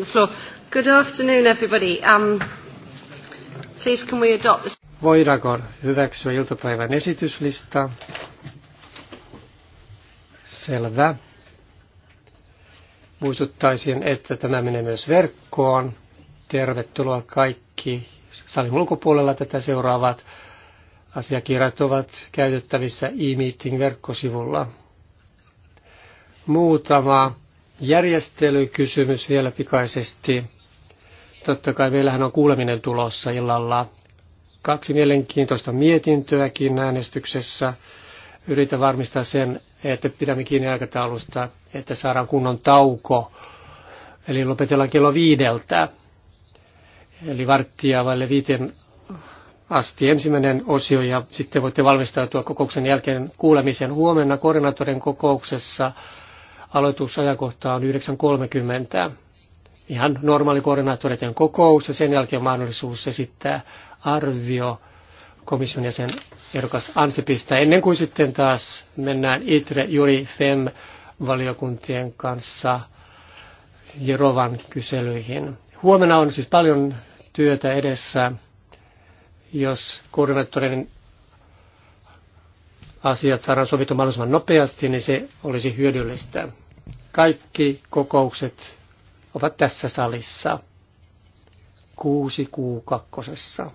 on the floor. Good afternoon, everybody. Um, please can we adopt this? Voidaanko hyväksyä iltapäivän esityslista? Selvä. Muistuttaisin, että tämä menee myös verkkoon. Tervetuloa kaikki salin ulkopuolella tätä seuraavat. Asiakirjat ovat käytettävissä e-meeting verkkosivulla. Muutama järjestelykysymys vielä pikaisesti. Totta kai meillähän on kuuleminen tulossa illalla. Kaksi mielenkiintoista mietintöäkin äänestyksessä. Yritän varmistaa sen, että pidämme kiinni aikataulusta, että saadaan kunnon tauko. Eli lopetellaan kello viideltä. Eli varttia vaille viiten asti ensimmäinen osio ja sitten voitte valmistautua kokouksen jälkeen kuulemisen huomenna koordinaattorin kokouksessa Aloitusajankohta on 9.30. Ihan normaali koordinaattoreiden kokous ja sen jälkeen mahdollisuus esittää arvio komission jäsen ehdokas Antipista. ennen kuin sitten taas mennään ITRE, Juri, FEM valiokuntien kanssa Jerovan kyselyihin. Huomenna on siis paljon työtä edessä, jos koordinaattoreiden asiat saadaan sovittu mahdollisimman nopeasti, niin se olisi hyödyllistä. Kaikki kokoukset ovat tässä salissa. Kuusi kuukakkosessa.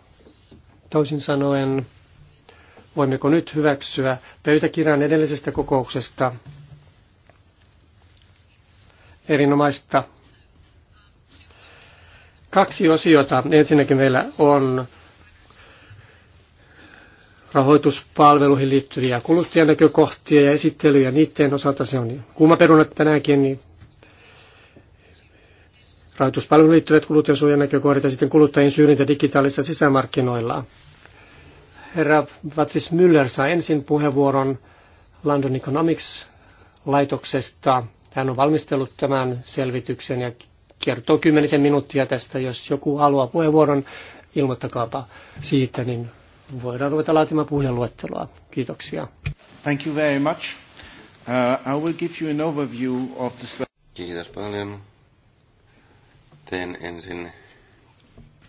Toisin sanoen, voimmeko nyt hyväksyä pöytäkirjan edellisestä kokouksesta? Erinomaista. Kaksi osiota. Ensinnäkin meillä on rahoituspalveluihin liittyviä kuluttajanäkökohtia ja esittelyjä. Niiden osalta se on kuuma peruna tänäänkin, niin rahoituspalveluihin liittyvät kuluttajansuojan näkökohdat ja sitten kuluttajien syrjintä digitaalisissa sisämarkkinoilla. Herra Patrice Müller saa ensin puheenvuoron London Economics-laitoksesta. Hän on valmistellut tämän selvityksen ja kertoo kymmenisen minuuttia tästä. Jos joku haluaa puheenvuoron, ilmoittakaapa siitä, niin voidaan ruveta laatimaan puheenluetteloa. Kiitoksia. Thank you very much. Uh, I will give you an overview of the... Kiitos paljon. Teen ensin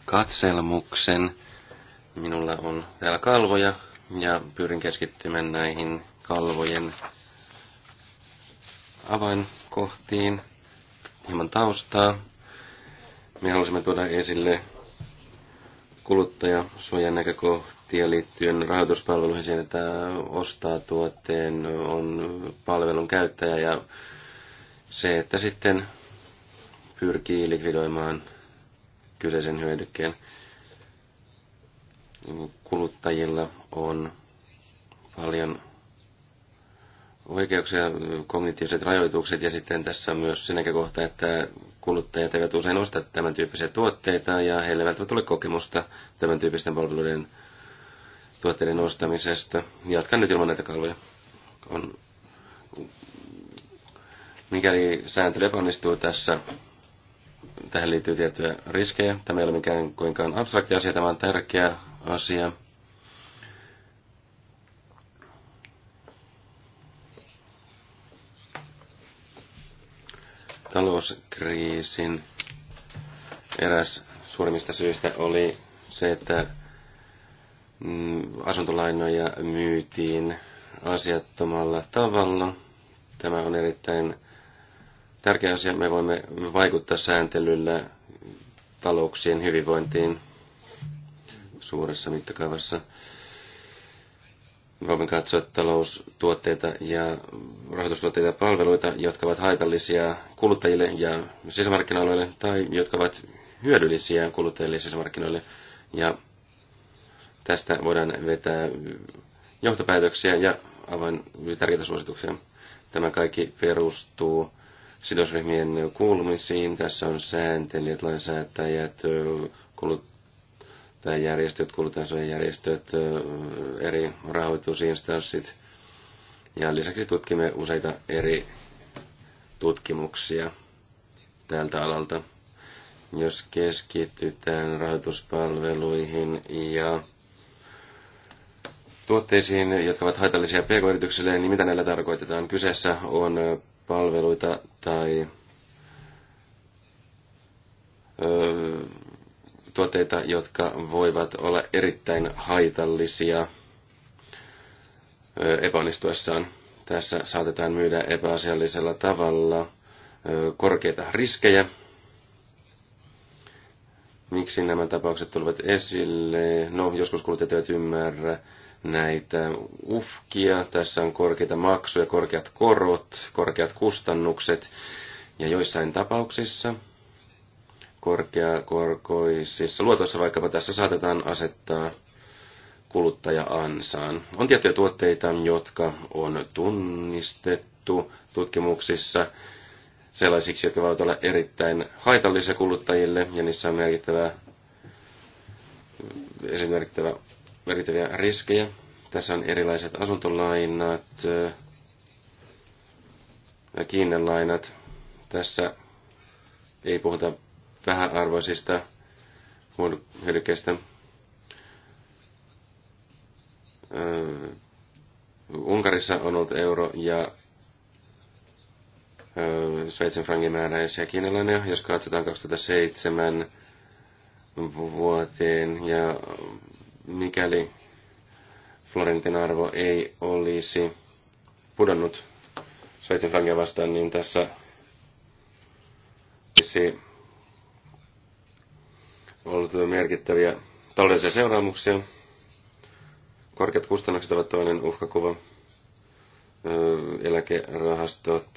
katselmuksen. Minulla on täällä kalvoja ja pyrin keskittymään näihin kalvojen avainkohtiin. Hieman taustaa. Me halusimme tuoda esille kuluttajasuojan näkökohtia tie liittyen rahoituspalveluihin siihen, että ostaa tuotteen, on palvelun käyttäjä ja se, että sitten pyrkii likvidoimaan kyseisen hyödykkeen. Kuluttajilla on paljon oikeuksia, kognitiiviset rajoitukset ja sitten tässä on myös se näkökohta, että kuluttajat eivät usein osta tämän tyyppisiä tuotteita ja heillä ei välttämättä ole kokemusta tämän tyyppisten palveluiden tuotteiden ostamisesta. Jatkan nyt ilman näitä kalvoja. On, mikäli sääntely epäonnistuu tässä, tähän liittyy tiettyjä riskejä. Tämä ei ole mikään kuinkaan abstrakti asia, tämä on tärkeä asia. Talouskriisin eräs suurimmista syistä oli se, että Mm, asuntolainoja myytiin asiattomalla tavalla. Tämä on erittäin tärkeä asia. Me voimme vaikuttaa sääntelyllä talouksien hyvinvointiin suuressa mittakaavassa. Me voimme katsoa taloustuotteita ja rahoitustuotteita ja palveluita, jotka ovat haitallisia kuluttajille ja sisämarkkinoille tai jotka ovat hyödyllisiä kuluttajille ja sisämarkkinoille. Ja Tästä voidaan vetää johtopäätöksiä ja aivan tärkeitä suosituksia. Tämä kaikki perustuu sidosryhmien kuulumisiin. Tässä on sääntelijät, lainsäätäjät, kuluttajajärjestöt, kuluttajansuojajärjestöt, eri rahoitusinstanssit. Ja lisäksi tutkimme useita eri tutkimuksia tältä alalta. Jos keskitytään rahoituspalveluihin ja tuotteisiin, jotka ovat haitallisia pk yritykselle niin mitä näillä tarkoitetaan? Kyseessä on palveluita tai tuotteita, jotka voivat olla erittäin haitallisia epäonnistuessaan. Tässä saatetaan myydä epäasiallisella tavalla korkeita riskejä. Miksi nämä tapaukset tulevat esille? No, joskus kuluttajat eivät ymmärrä, näitä uhkia. Tässä on korkeita maksuja, korkeat korot, korkeat kustannukset ja joissain tapauksissa korkeakorkoisissa luotoissa vaikkapa tässä saatetaan asettaa kuluttaja-ansaan. On tiettyjä tuotteita, jotka on tunnistettu tutkimuksissa sellaisiksi, jotka voivat olla erittäin haitallisia kuluttajille, ja niissä on merkittävä, esimerkittävä merkittäviä riskejä. Tässä on erilaiset asuntolainat, kiinnelainat. Tässä ei puhuta vähäarvoisista hyödykkeistä. Unkarissa on ollut euro ja Sveitsin frangin määräisiä kiinalainen, jos katsotaan 2007 vuoteen ja mikäli Florentin arvo ei olisi pudonnut Sveitsin frankia vastaan, niin tässä olisi ollut merkittäviä taloudellisia seuraamuksia. Korkeat kustannukset ovat toinen uhkakuva. Eläkerahastot,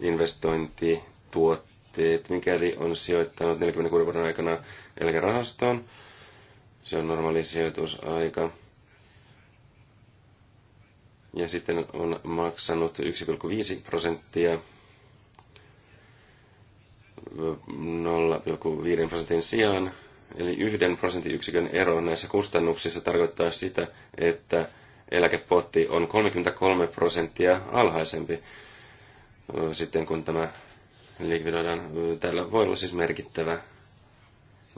investointituotteet, mikäli on sijoittanut 46 vuoden aikana eläkerahastoon, se on normaali sijoitusaika. Ja sitten on maksanut 1,5 prosenttia 0,5 prosentin sijaan. Eli yhden prosenttiyksikön ero näissä kustannuksissa tarkoittaa sitä, että eläkepotti on 33 prosenttia alhaisempi sitten kun tämä likvidoidaan. Tällä voi olla siis merkittävä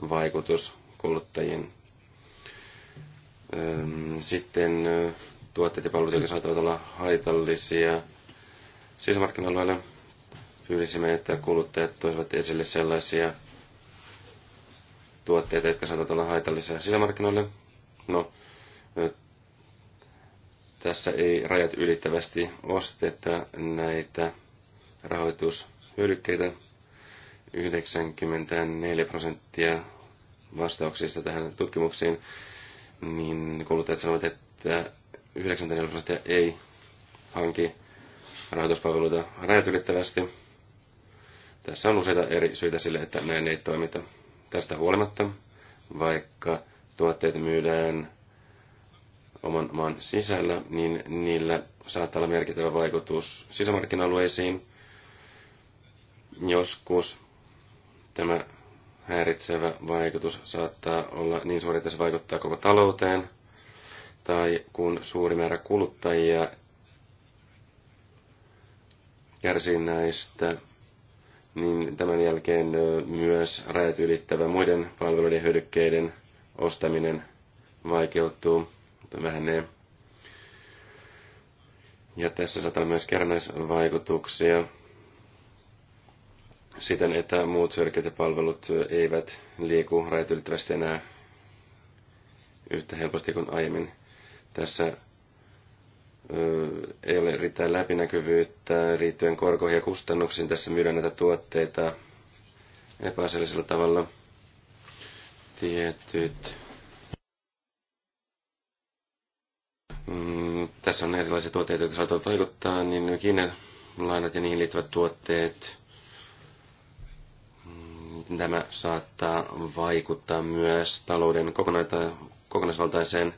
vaikutus kuluttajien sitten tuotteet ja palvelut, jotka saattavat olla haitallisia sisämarkkinoilla. Pyydisimme, että kuluttajat toisivat esille sellaisia tuotteita, jotka saattavat olla haitallisia sisämarkkinoille. No, tässä ei rajat ylittävästi osteta näitä rahoitushyödykkeitä. 94 prosenttia vastauksista tähän tutkimuksiin niin kuluttajat sanovat, että 94 prosenttia ei hanki rahoituspalveluita rajat ylittävästi. Tässä on useita eri syitä sille, että näin ei toimita. Tästä huolimatta, vaikka tuotteet myydään oman maan sisällä, niin niillä saattaa olla merkittävä vaikutus sisämarkkina-alueisiin. Joskus tämä häiritsevä vaikutus saattaa olla niin suuri, että se vaikuttaa koko talouteen, tai kun suuri määrä kuluttajia kärsii näistä, niin tämän jälkeen myös rajat ylittävä muiden palveluiden ja hyödykkeiden ostaminen vaikeutuu, vähenee. Ja tässä saattaa myös kerrannaisvaikutuksia siten, että muut hyödykkeet ja palvelut eivät liiku rajat ylittävästi enää yhtä helposti kuin aiemmin. Tässä ei ole riittää läpinäkyvyyttä riittyen korkoihin ja kustannuksiin. Tässä myydään näitä tuotteita epäasiallisella tavalla. Tietyt. Mm, tässä on erilaisia tuotteita, joita saattaa vaikuttaa, niin lainat ja niihin liittyvät tuotteet, Tämä saattaa vaikuttaa myös talouden kokonaisvaltaiseen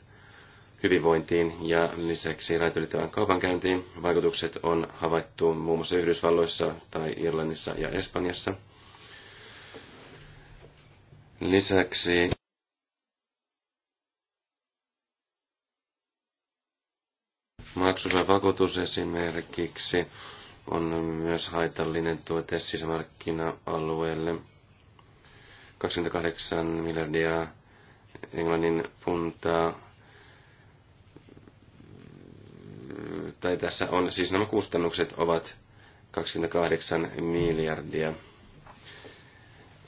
hyvinvointiin ja lisäksi raitoliittyvään kaupankäyntiin. Vaikutukset on havaittu muun muassa Yhdysvalloissa tai Irlannissa ja Espanjassa. Lisäksi maksusa vakuutus esimerkiksi on myös haitallinen tuote sisämarkkina-alueelle. 28 miljardia englannin puntaa. Tai tässä on, siis nämä kustannukset ovat 28 miljardia.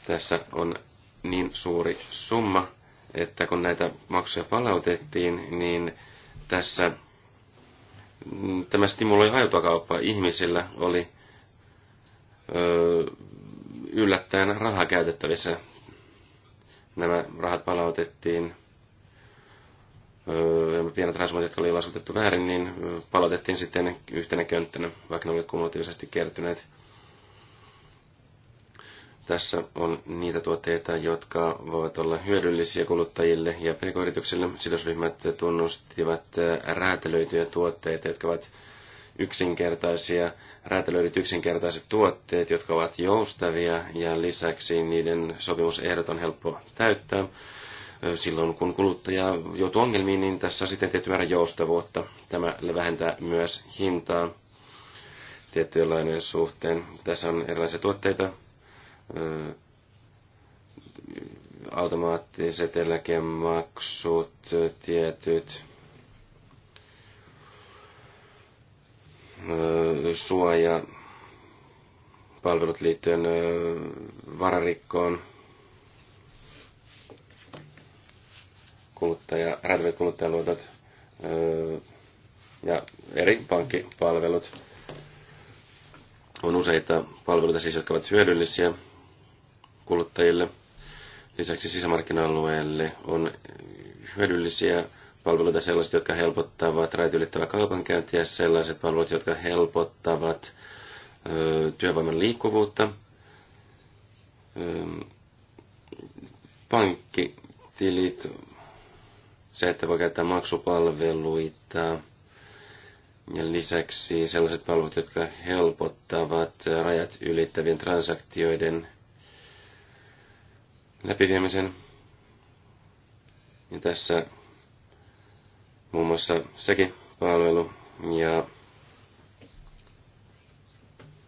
Tässä on niin suuri summa, että kun näitä maksuja palautettiin, niin tässä tämä stimuloi autokauppaa. Ihmisillä oli ö, yllättäen raha käytettävissä nämä rahat palautettiin, Öö, pienet rahasummat, jotka oli laskutettu väärin, niin palautettiin sitten yhtenä könttänä, vaikka ne olivat kumulatiivisesti kertyneet. Tässä on niitä tuotteita, jotka voivat olla hyödyllisiä kuluttajille ja pk-yrityksille. Sidosryhmät tunnustivat räätälöityjä tuotteita, jotka ovat yksinkertaisia, räätälöidyt yksinkertaiset tuotteet, jotka ovat joustavia ja lisäksi niiden sopimusehdot on helppo täyttää. Silloin kun kuluttaja joutuu ongelmiin, niin tässä on sitten tietty määrä joustavuutta. Tämä vähentää myös hintaa tiettyjenlainen suhteen. Tässä on erilaisia tuotteita, automaattiset eläkemaksut, tietyt suoja palvelut liittyen vararikkoon, kuluttaja, räätävät kuluttajaluotot ja eri pankkipalvelut. On useita palveluita siis, jotka ovat hyödyllisiä kuluttajille. Lisäksi sisämarkkina-alueelle on hyödyllisiä palveluita, sellaiset, jotka helpottavat rajat ylittävää kaupankäyntiä, sellaiset palvelut, jotka helpottavat ö, työvoiman liikkuvuutta, ö, pankkitilit, se, että voi käyttää maksupalveluita, ja lisäksi sellaiset palvelut, jotka helpottavat rajat ylittävien transaktioiden läpiviemisen. Ja tässä muun muassa sekin palvelu. Ja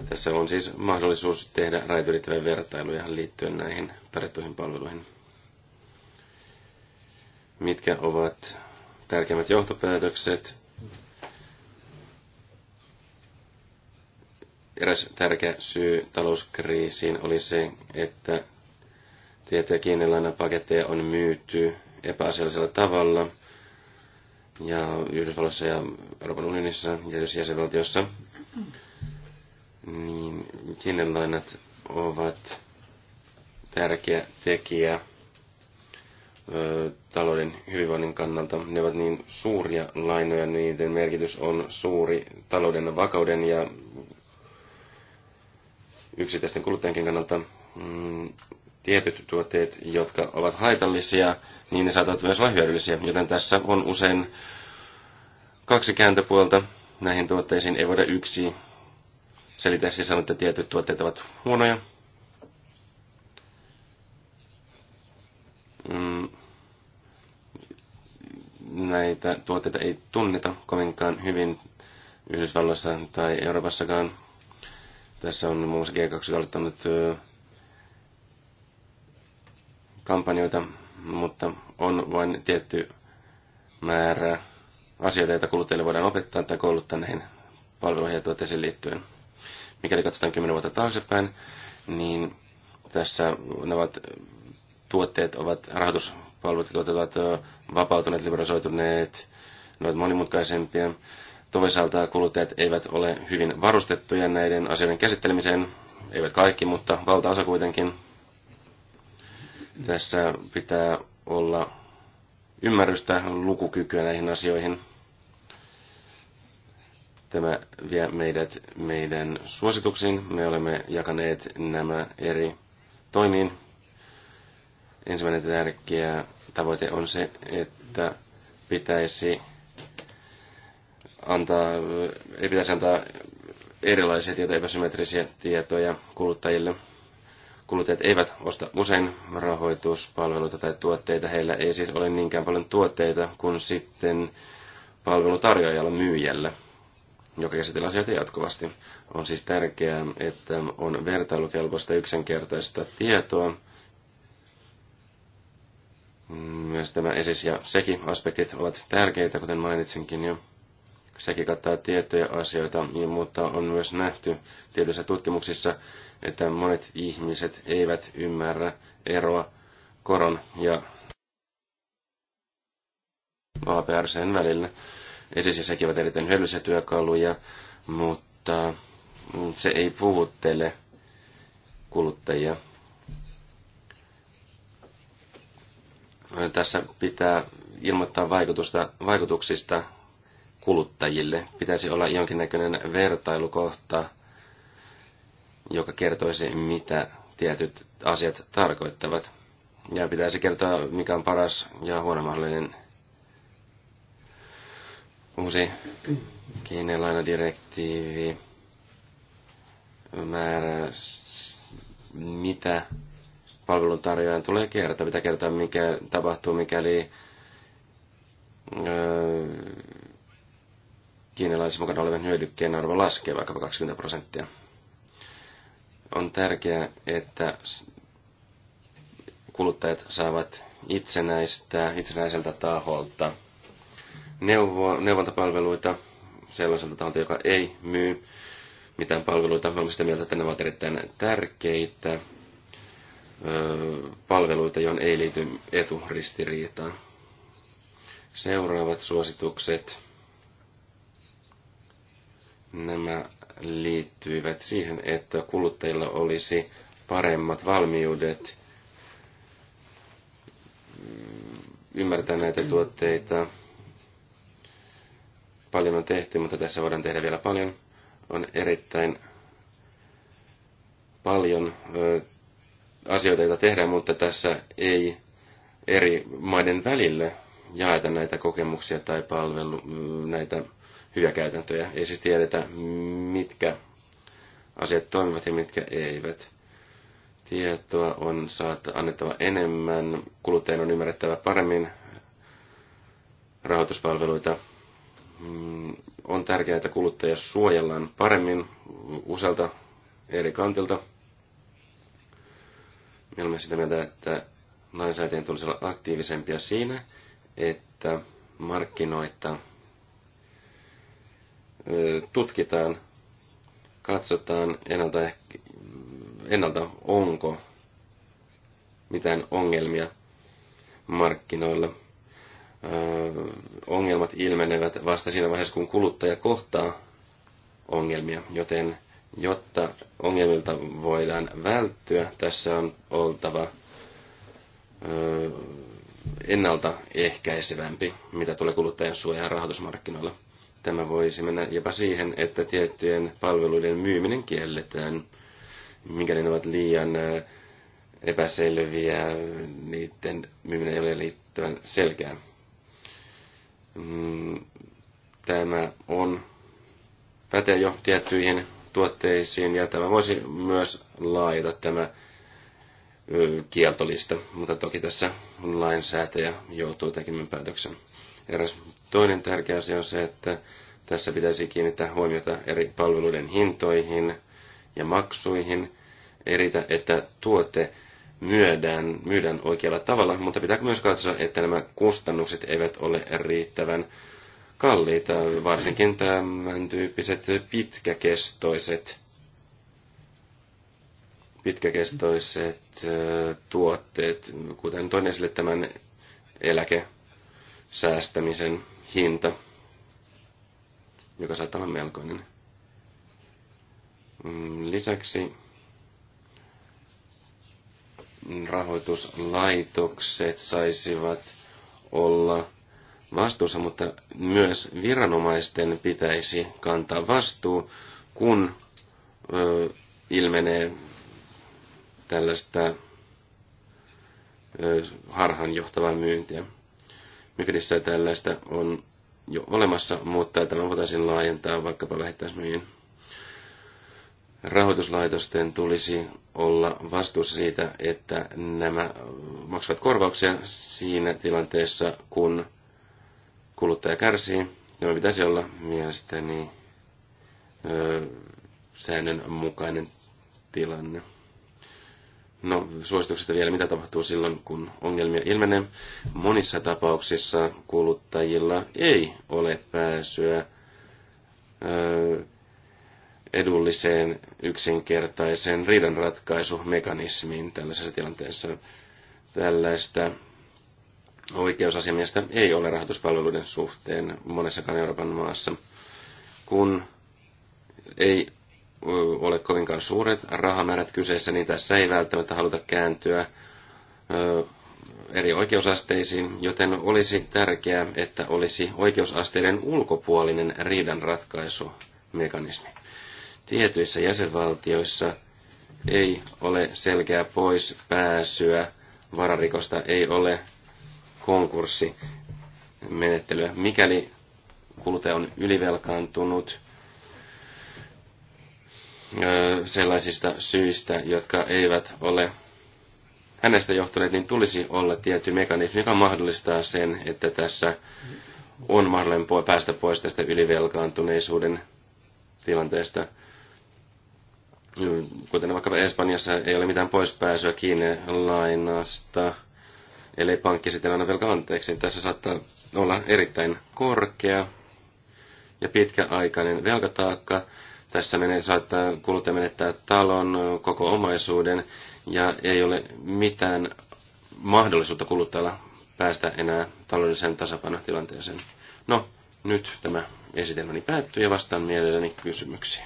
tässä on siis mahdollisuus tehdä raitoliittäviä vertailuja liittyen näihin tarjottuihin palveluihin. Mitkä ovat tärkeimmät johtopäätökset? Eräs tärkeä syy talouskriisiin oli se, että tietoja paketteja on myyty epäasiallisella tavalla – ja Yhdysvalloissa ja Euroopan unionissa ja tietysti jäsenvaltioissa, niin kiinnelainat ovat tärkeä tekijä ö, talouden hyvinvoinnin kannalta. Ne ovat niin suuria lainoja, niiden merkitys on suuri talouden vakauden ja yksittäisten kuluttajankin kannalta. Mm, tietyt tuotteet, jotka ovat haitallisia, niin ne saattavat myös olla hyödyllisiä. Joten tässä on usein kaksi kääntöpuolta. Näihin tuotteisiin ei voida yksi selittää siis sanoa, että tietyt tuotteet ovat huonoja. Mm. Näitä tuotteita ei tunneta kovinkaan hyvin Yhdysvalloissa tai Euroopassakaan. Tässä on muun muassa G2 aloittanut kampanjoita, mutta on vain tietty määrä asioita, joita kuluttajille voidaan opettaa tai kouluttaa näihin palveluihin ja tuotteisiin liittyen. Mikäli katsotaan 10 vuotta taaksepäin, niin tässä ne ovat, tuotteet ovat, rahoituspalvelut tuotteet ovat vapautuneet, liberalisoituneet, ne ovat monimutkaisempia. Toisaalta kuluttajat eivät ole hyvin varustettuja näiden asioiden käsittelemiseen, eivät kaikki, mutta valtaosa kuitenkin tässä pitää olla ymmärrystä, lukukykyä näihin asioihin. Tämä vie meidät meidän suosituksiin. Me olemme jakaneet nämä eri toimiin. Ensimmäinen tärkeä tavoite on se, että pitäisi antaa, ei pitäisi antaa erilaisia tietoja, epäsymmetrisiä tietoja kuluttajille – kuluttajat eivät osta usein rahoituspalveluita tai tuotteita. Heillä ei siis ole niinkään paljon tuotteita kuin sitten palvelutarjoajalla myyjällä, joka käsitellä asioita jatkuvasti. On siis tärkeää, että on vertailukelpoista yksinkertaista tietoa. Myös tämä esis- ja seki aspektit ovat tärkeitä, kuten mainitsinkin jo. Sekin kattaa tiettyjä asioita, mutta on myös nähty tietyissä tutkimuksissa, että monet ihmiset eivät ymmärrä eroa koron ja APRCn välillä. Esisiä sekin ovat erittäin hyödyllisiä työkaluja, mutta se ei puhuttele kuluttajia. Tässä pitää ilmoittaa vaikutusta, vaikutuksista kuluttajille. Pitäisi olla jonkinnäköinen vertailukohta joka kertoisi, mitä tietyt asiat tarkoittavat. Ja pitäisi kertoa, mikä on paras ja huono mahdollinen uusi direktiivi määrä, mitä palveluntarjoajan tulee kertoa, mitä kertoa, mikä tapahtuu, mikäli öö, kiinalaisen mukana olevan hyödykkeen arvo laskee vaikkapa 20 prosenttia. On tärkeää, että kuluttajat saavat itsenäistä, itsenäiseltä taholta neuvo, neuvontapalveluita sellaiselta taholta, joka ei myy mitään palveluita. Olemme sitä mieltä, että ne ovat erittäin tärkeitä palveluita, joihin ei liity eturistiriitaa. Seuraavat suositukset. Nämä liittyivät siihen, että kuluttajilla olisi paremmat valmiudet ymmärtää näitä tuotteita. Paljon on tehty, mutta tässä voidaan tehdä vielä paljon. On erittäin paljon asioita, joita tehdään, mutta tässä ei eri maiden välillä jaeta näitä kokemuksia tai palvelu, näitä hyviä käytäntöjä. Ei siis tiedetä, mitkä asiat toimivat ja mitkä eivät. Tietoa on saat annettava enemmän, kuluttajan on ymmärrettävä paremmin rahoituspalveluita. Mm, on tärkeää, että kuluttaja suojellaan paremmin usealta eri kantilta. Me olemme sitä mieltä, että lainsäätäjien tulisi olla aktiivisempia siinä, että markkinoita tutkitaan, katsotaan ennalta, ennalta onko mitään ongelmia markkinoilla. Ongelmat ilmenevät vasta siinä vaiheessa, kun kuluttaja kohtaa ongelmia, joten jotta ongelmilta voidaan välttyä, tässä on oltava ennaltaehkäisevämpi, mitä tulee kuluttajan suojaan rahoitusmarkkinoilla. Tämä voisi mennä jopa siihen, että tiettyjen palveluiden myyminen kielletään, mikäli ne ovat liian epäselviä, niiden myyminen ei ole liittyvän selkeää. Mm, tämä on pätee jo tiettyihin tuotteisiin ja tämä voisi myös laajata tämä kieltolista, mutta toki tässä lainsäätäjä joutuu tekemään päätöksen. Eräs toinen tärkeä asia on se, että tässä pitäisi kiinnittää huomiota eri palveluiden hintoihin ja maksuihin, eritä, että tuote myydään, myydään oikealla tavalla, mutta pitää myös katsoa, että nämä kustannukset eivät ole riittävän kalliita, varsinkin tämän tyyppiset pitkäkestoiset, pitkäkestoiset tuotteet, kuten toin esille tämän eläke säästämisen hinta, joka saattaa olla melkoinen. Mm, lisäksi rahoituslaitokset saisivat olla vastuussa, mutta myös viranomaisten pitäisi kantaa vastuu, kun ö, ilmenee tällaista ö, harhanjohtavaa myyntiä. Mikrissä tällaista on jo olemassa, mutta tämä voitaisiin laajentaa vaikkapa vähittäismyynnin rahoituslaitosten tulisi olla vastuussa siitä, että nämä maksavat korvauksia siinä tilanteessa, kun kuluttaja kärsii. Tämä pitäisi olla mielestäni säännön säännönmukainen tilanne. No, suosituksesta vielä, mitä tapahtuu silloin, kun ongelmia ilmenee. Monissa tapauksissa kuluttajilla ei ole pääsyä edulliseen, yksinkertaiseen riidanratkaisumekanismiin tällaisessa tilanteessa. Tällaista oikeusasiamiestä ei ole rahoituspalveluiden suhteen monessakaan Euroopan maassa. Kun ei ole kovinkaan suuret rahamäärät kyseessä, niin tässä ei välttämättä haluta kääntyä eri oikeusasteisiin, joten olisi tärkeää, että olisi oikeusasteiden ulkopuolinen riidanratkaisumekanismi. Tietyissä jäsenvaltioissa ei ole selkeää pois pääsyä, vararikosta ei ole konkurssimenettelyä. Mikäli kuluttaja on ylivelkaantunut, sellaisista syistä, jotka eivät ole hänestä johtuneet, niin tulisi olla tietty mekanismi, joka mahdollistaa sen, että tässä on mahdollinen päästä pois tästä ylivelkaantuneisuuden tilanteesta. Kuten vaikka Espanjassa ei ole mitään poispääsyä kiinni lainasta, eli pankki sitten aina velka anteeksi. Tässä saattaa olla erittäin korkea ja pitkäaikainen velkataakka, tässä menee, saattaa kuluttaja menettää talon, koko omaisuuden ja ei ole mitään mahdollisuutta kuluttajalla päästä enää taloudelliseen tasapainotilanteeseen. No, nyt tämä esitelmäni päättyy ja vastaan mielelläni kysymyksiin.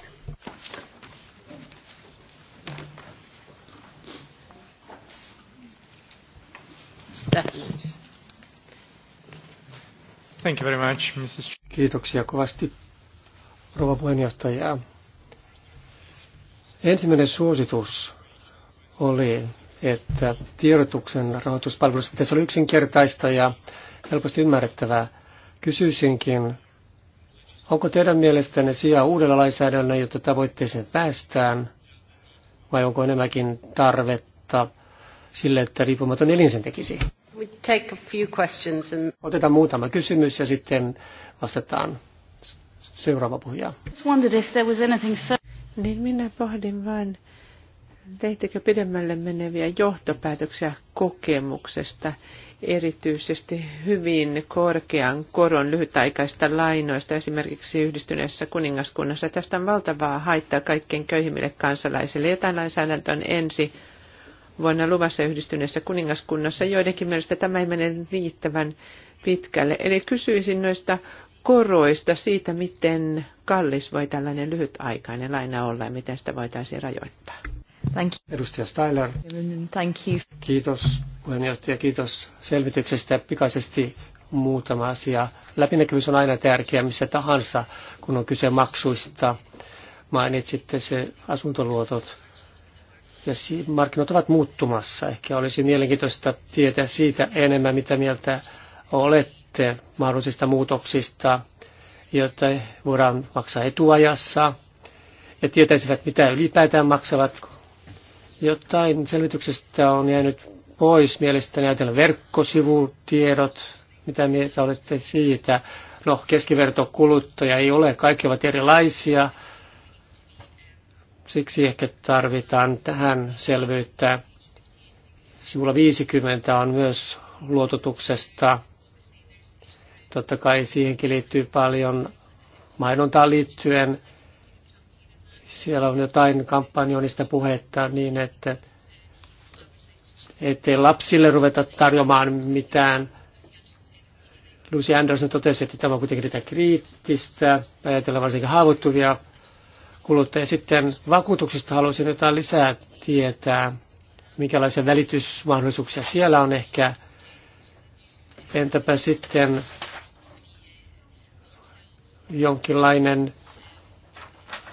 Thank you very much, Mrs. Kiitoksia kovasti rouva puheenjohtaja. Ensimmäinen suositus oli, että tiedotuksen rahoituspalvelussa pitäisi olla yksinkertaista ja helposti ymmärrettävää. Kysyisinkin, onko teidän mielestänne sijaa uudella lainsäädännöllä, jotta tavoitteeseen päästään, vai onko enemmänkin tarvetta sille, että riippumaton elin sen tekisi? And... Otetaan muutama kysymys ja sitten vastataan seuraava puhuja niin minä pohdin vain, teittekö pidemmälle meneviä johtopäätöksiä kokemuksesta, erityisesti hyvin korkean koron lyhytaikaista lainoista, esimerkiksi yhdistyneessä kuningaskunnassa. Tästä on valtavaa haittaa kaikkein köyhimmille kansalaisille. Jotain lainsäädäntö on ensi vuonna luvassa yhdistyneessä kuningaskunnassa. Joidenkin mielestä tämä ei mene riittävän pitkälle. Eli kysyisin noista koroista, siitä miten kallis voi tällainen lyhytaikainen laina olla ja miten sitä voitaisiin rajoittaa. Thank you. Edustaja Steiler. Thank you. Kiitos puheenjohtaja, kiitos selvityksestä. Pikaisesti muutama asia. Läpinäkyvyys on aina tärkeä missä tahansa, kun on kyse maksuista. Mainitsitte se asuntoluotot. Ja markkinat ovat muuttumassa. Ehkä olisi mielenkiintoista tietää siitä enemmän, mitä mieltä olette sitten mahdollisista muutoksista, jotta voidaan maksaa etuajassa ja tietäisivät, mitä ylipäätään maksavat. Jotain selvityksestä on jäänyt pois mielestäni ajatellen verkkosivutiedot, mitä mieltä olette siitä. No, keskivertokuluttaja ei ole, kaikki ovat erilaisia. Siksi ehkä tarvitaan tähän selvyyttä. Sivulla 50 on myös luototuksesta Totta kai siihenkin liittyy paljon mainontaan liittyen. Siellä on jotain kampanjonista puhetta niin, että ettei lapsille ruveta tarjomaan mitään. Lucy Anderson totesi, että tämä on kuitenkin niitä kriittistä, ajatella varsinkin haavoittuvia kuluttajia. Sitten vakuutuksista haluaisin jotain lisää tietää, minkälaisia välitysmahdollisuuksia siellä on ehkä. Entäpä sitten jonkinlainen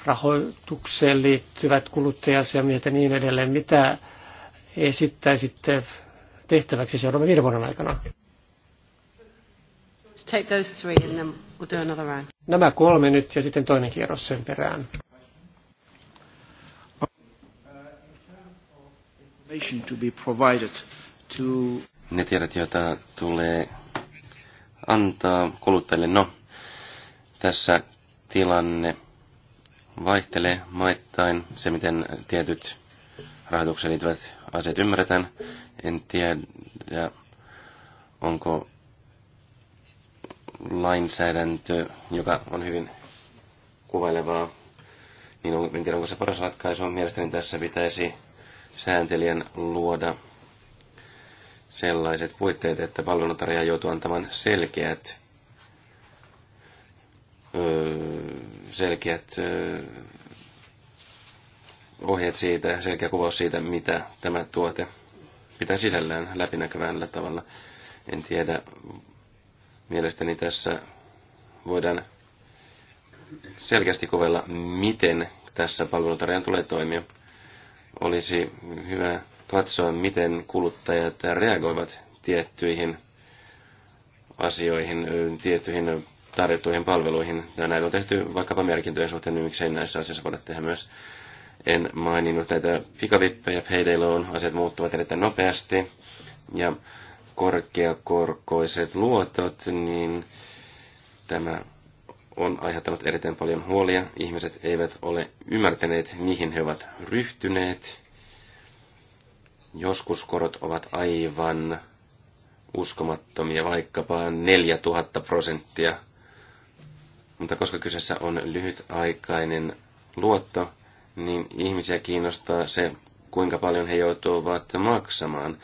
rahoitukseen liittyvät kuluttaja-asiamiehet ja niin edelleen. Mitä esittäisitte tehtäväksi seuraavan viiden vuoden aikana? Take those three and then we'll do another round. Nämä kolme nyt ja sitten toinen kierros sen perään. Ne tiedot, joita tulee antaa kuluttajille. No, tässä tilanne vaihtelee maittain se, miten tietyt rahoitukseen liittyvät asiat ymmärretään. En tiedä, onko lainsäädäntö, joka on hyvin kuvailevaa, niin on, en tiedä, onko se paras ratkaisu. Mielestäni tässä pitäisi sääntelijän luoda sellaiset puitteet, että palveluntarjaaja joutuu antamaan selkeät selkeät ohjeet siitä, selkeä kuvaus siitä, mitä tämä tuote pitää sisällään läpinäkyvällä tavalla. En tiedä, mielestäni tässä voidaan selkeästi kuvella, miten tässä palvelutarjan tulee toimia. Olisi hyvä katsoa, miten kuluttajat reagoivat tiettyihin asioihin, tiettyihin tarjottuihin palveluihin. Ja näitä on tehty vaikkapa merkintöjen suhteen, niin miksei näissä asioissa voida tehdä myös. En maininnut näitä pikavippejä, payday on asiat muuttuvat erittäin nopeasti. Ja korkeakorkoiset luotot, niin tämä on aiheuttanut erittäin paljon huolia. Ihmiset eivät ole ymmärtäneet, mihin he ovat ryhtyneet. Joskus korot ovat aivan uskomattomia, vaikkapa 4000 prosenttia mutta koska kyseessä on lyhytaikainen luotto, niin ihmisiä kiinnostaa se, kuinka paljon he joutuvat maksamaan.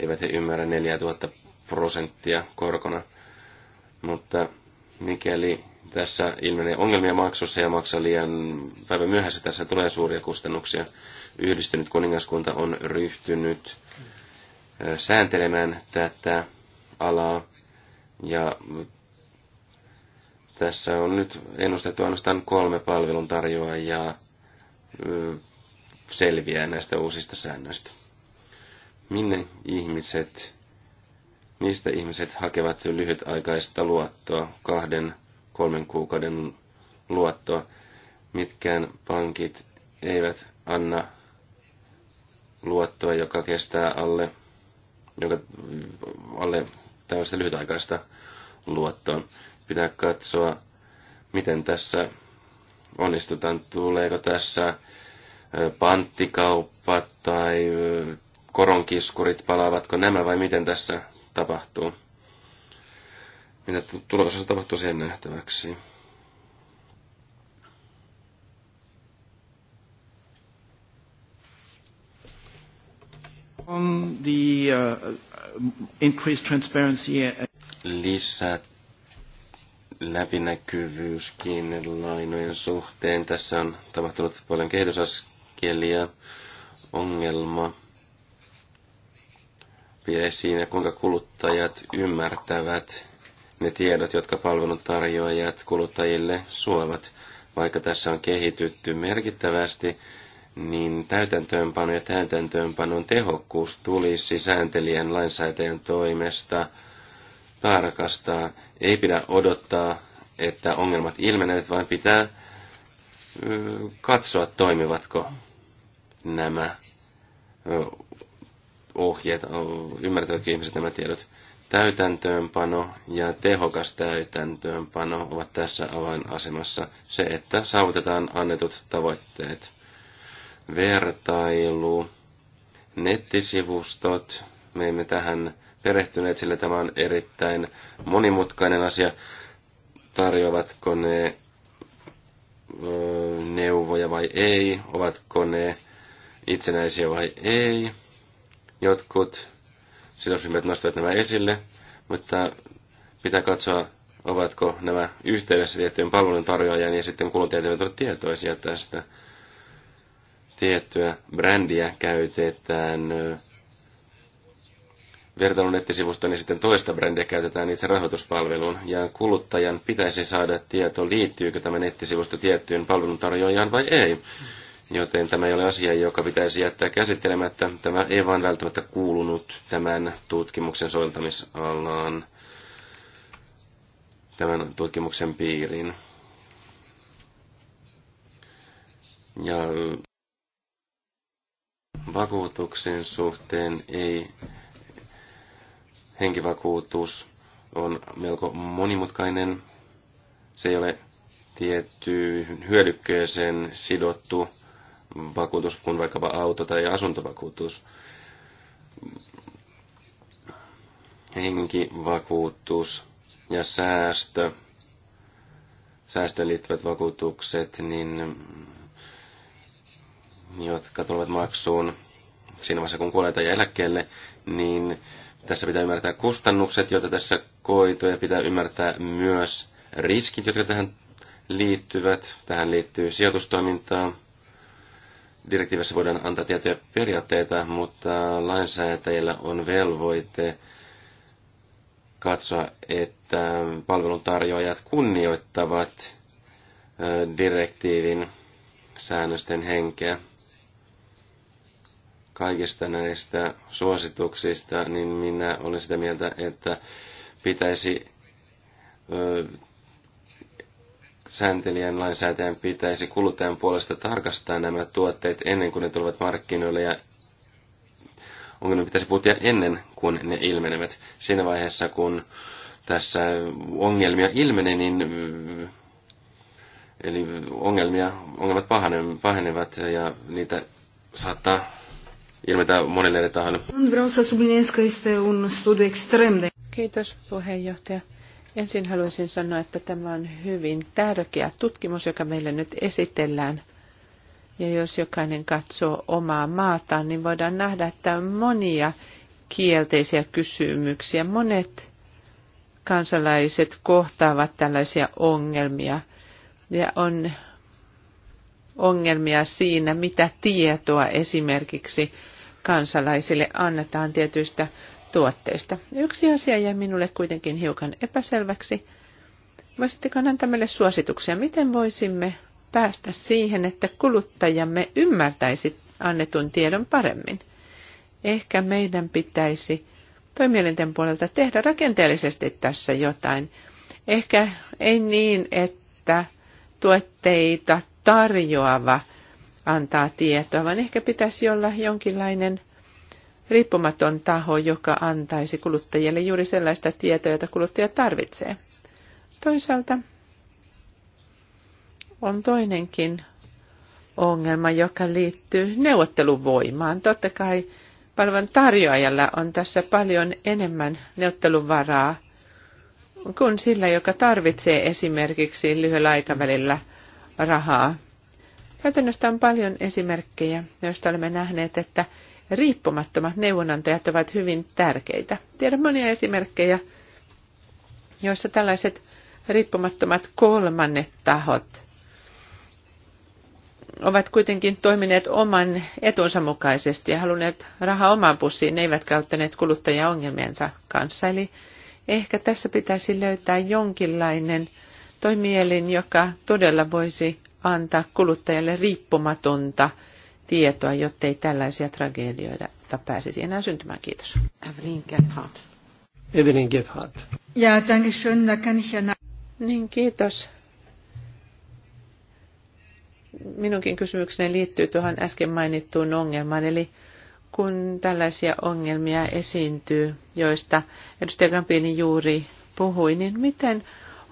Eivät he ymmärrä 4000 prosenttia korkona. Mutta mikäli tässä ilmenee ongelmia maksussa ja maksaa liian päivän myöhässä, tässä tulee suuria kustannuksia. Yhdistynyt kuningaskunta on ryhtynyt sääntelemään tätä alaa ja tässä on nyt ennustettu ainoastaan kolme palvelun tarjoajaa selviää näistä uusista säännöistä. Minne ihmiset, mistä ihmiset hakevat lyhytaikaista luottoa, kahden, kolmen kuukauden luottoa? Mitkään pankit eivät anna luottoa, joka kestää alle, joka alle tällaista lyhytaikaista luottoa. Pitää katsoa, miten tässä onnistutaan. Tuleeko tässä panttikauppa tai koronkiskurit, palaavatko nämä vai miten tässä tapahtuu? Mitä tulevaisuudessa tapahtuu siihen nähtäväksi? On the uh, increased transparency Lisät läpinäkyvyyskin lainojen suhteen. Tässä on tapahtunut paljon kehitysaskelia. Ongelma vie siinä, kuinka kuluttajat ymmärtävät ne tiedot, jotka palveluntarjoajat kuluttajille suovat. Vaikka tässä on kehitytty merkittävästi, niin täytäntöönpano ja täytäntöönpanon tehokkuus tulisi sääntelijän lainsäätäjän toimesta – rakastaa. Ei pidä odottaa, että ongelmat ilmenevät, vaan pitää katsoa, toimivatko nämä ohjeet, ymmärtävätkö ihmiset nämä tiedot. Täytäntöönpano ja tehokas täytäntöönpano ovat tässä avainasemassa. Se, että saavutetaan annetut tavoitteet. Vertailu, nettisivustot, me emme tähän perehtyneet, sillä tämä on erittäin monimutkainen asia. Tarjoavatko ne neuvoja vai ei, ovatko ne itsenäisiä vai ei. Jotkut sidosryhmät nostavat nämä esille, mutta pitää katsoa, ovatko nämä yhteydessä tiettyyn palvelun tarjoajan ja sitten kuluttajat eivät ole tietoisia tästä. Tiettyä brändiä käytetään vertailun nettisivusta, niin sitten toista brändiä käytetään itse rahoituspalveluun, ja kuluttajan pitäisi saada tieto, liittyykö tämä nettisivusto tiettyyn palveluntarjoajaan vai ei. Joten tämä ei ole asia, joka pitäisi jättää käsittelemättä. Tämä ei vaan välttämättä kuulunut tämän tutkimuksen soveltamisalaan, tämän tutkimuksen piiriin. Ja vakuutuksen suhteen ei henkivakuutus on melko monimutkainen. Se ei ole tiettyyn hyödykkeeseen sidottu vakuutus kuin vaikkapa auto- tai asuntovakuutus. Henkivakuutus ja säästö, säästöön liittyvät vakuutukset, niin, jotka tulevat maksuun siinä vaiheessa, kun kuolee tai eläkkeelle, niin tässä pitää ymmärtää kustannukset, joita tässä koituu, ja pitää ymmärtää myös riskit, jotka tähän liittyvät. Tähän liittyy sijoitustoimintaa. Direktiivissä voidaan antaa tiettyjä periaatteita, mutta lainsäätäjillä on velvoite katsoa, että palveluntarjoajat kunnioittavat direktiivin säännösten henkeä kaikista näistä suosituksista, niin minä olen sitä mieltä, että pitäisi sääntelijän lainsäätäjän pitäisi kuluttajan puolesta tarkastaa nämä tuotteet ennen kuin ne tulevat markkinoille ja ongelmia pitäisi puhua ennen kuin ne ilmenevät. Siinä vaiheessa, kun tässä ongelmia ilmenee, niin eli ongelmia, ongelmat pahenevat ja niitä saattaa ilmetä monille eri tahoille. Vreau să subliniez că este un studiu extrem de... Kiitos puheenjohtaja. Ensin haluaisin sanoa, että tämä on hyvin tärkeä tutkimus, joka meille nyt esitellään. Ja jos jokainen katsoo omaa maataan, niin voidaan nähdä, että on monia kielteisiä kysymyksiä. Monet kansalaiset kohtaavat tällaisia ongelmia ja on ongelmia siinä, mitä tietoa esimerkiksi kansalaisille annetaan tietyistä tuotteista. Yksi asia jäi minulle kuitenkin hiukan epäselväksi. Voisitteko antaa meille suosituksia, miten voisimme päästä siihen, että kuluttajamme ymmärtäisi annetun tiedon paremmin? Ehkä meidän pitäisi toimielinten puolelta tehdä rakenteellisesti tässä jotain. Ehkä ei niin, että tuotteita tarjoava – antaa tietoa, vaan ehkä pitäisi olla jonkinlainen riippumaton taho, joka antaisi kuluttajille juuri sellaista tietoa, jota kuluttaja tarvitsee. Toisaalta on toinenkin ongelma, joka liittyy neuvotteluvoimaan. Totta kai palvelun tarjoajalla on tässä paljon enemmän neuvotteluvaraa kuin sillä, joka tarvitsee esimerkiksi lyhyellä aikavälillä rahaa Käytännössä on paljon esimerkkejä, joista olemme nähneet, että riippumattomat neuvonantajat ovat hyvin tärkeitä. Tiedän monia esimerkkejä, joissa tällaiset riippumattomat kolmannet tahot ovat kuitenkin toimineet oman etunsa mukaisesti ja halunneet rahaa omaan pussiin, ne eivät käyttäneet kuluttajia ongelmiensa kanssa. Eli ehkä tässä pitäisi löytää jonkinlainen toimielin, joka todella voisi antaa kuluttajalle riippumatonta tietoa, jottei tällaisia tragedioita pääsisi enää syntymään. Kiitos. Evelyn Gebhardt. Evelyn Gebhardt. Ja, danke schön, da kann ich ja... Niin, kiitos. Minunkin kysymykseni liittyy tuohon äsken mainittuun ongelmaan, eli kun tällaisia ongelmia esiintyy, joista edustaja Grampini juuri puhui, niin miten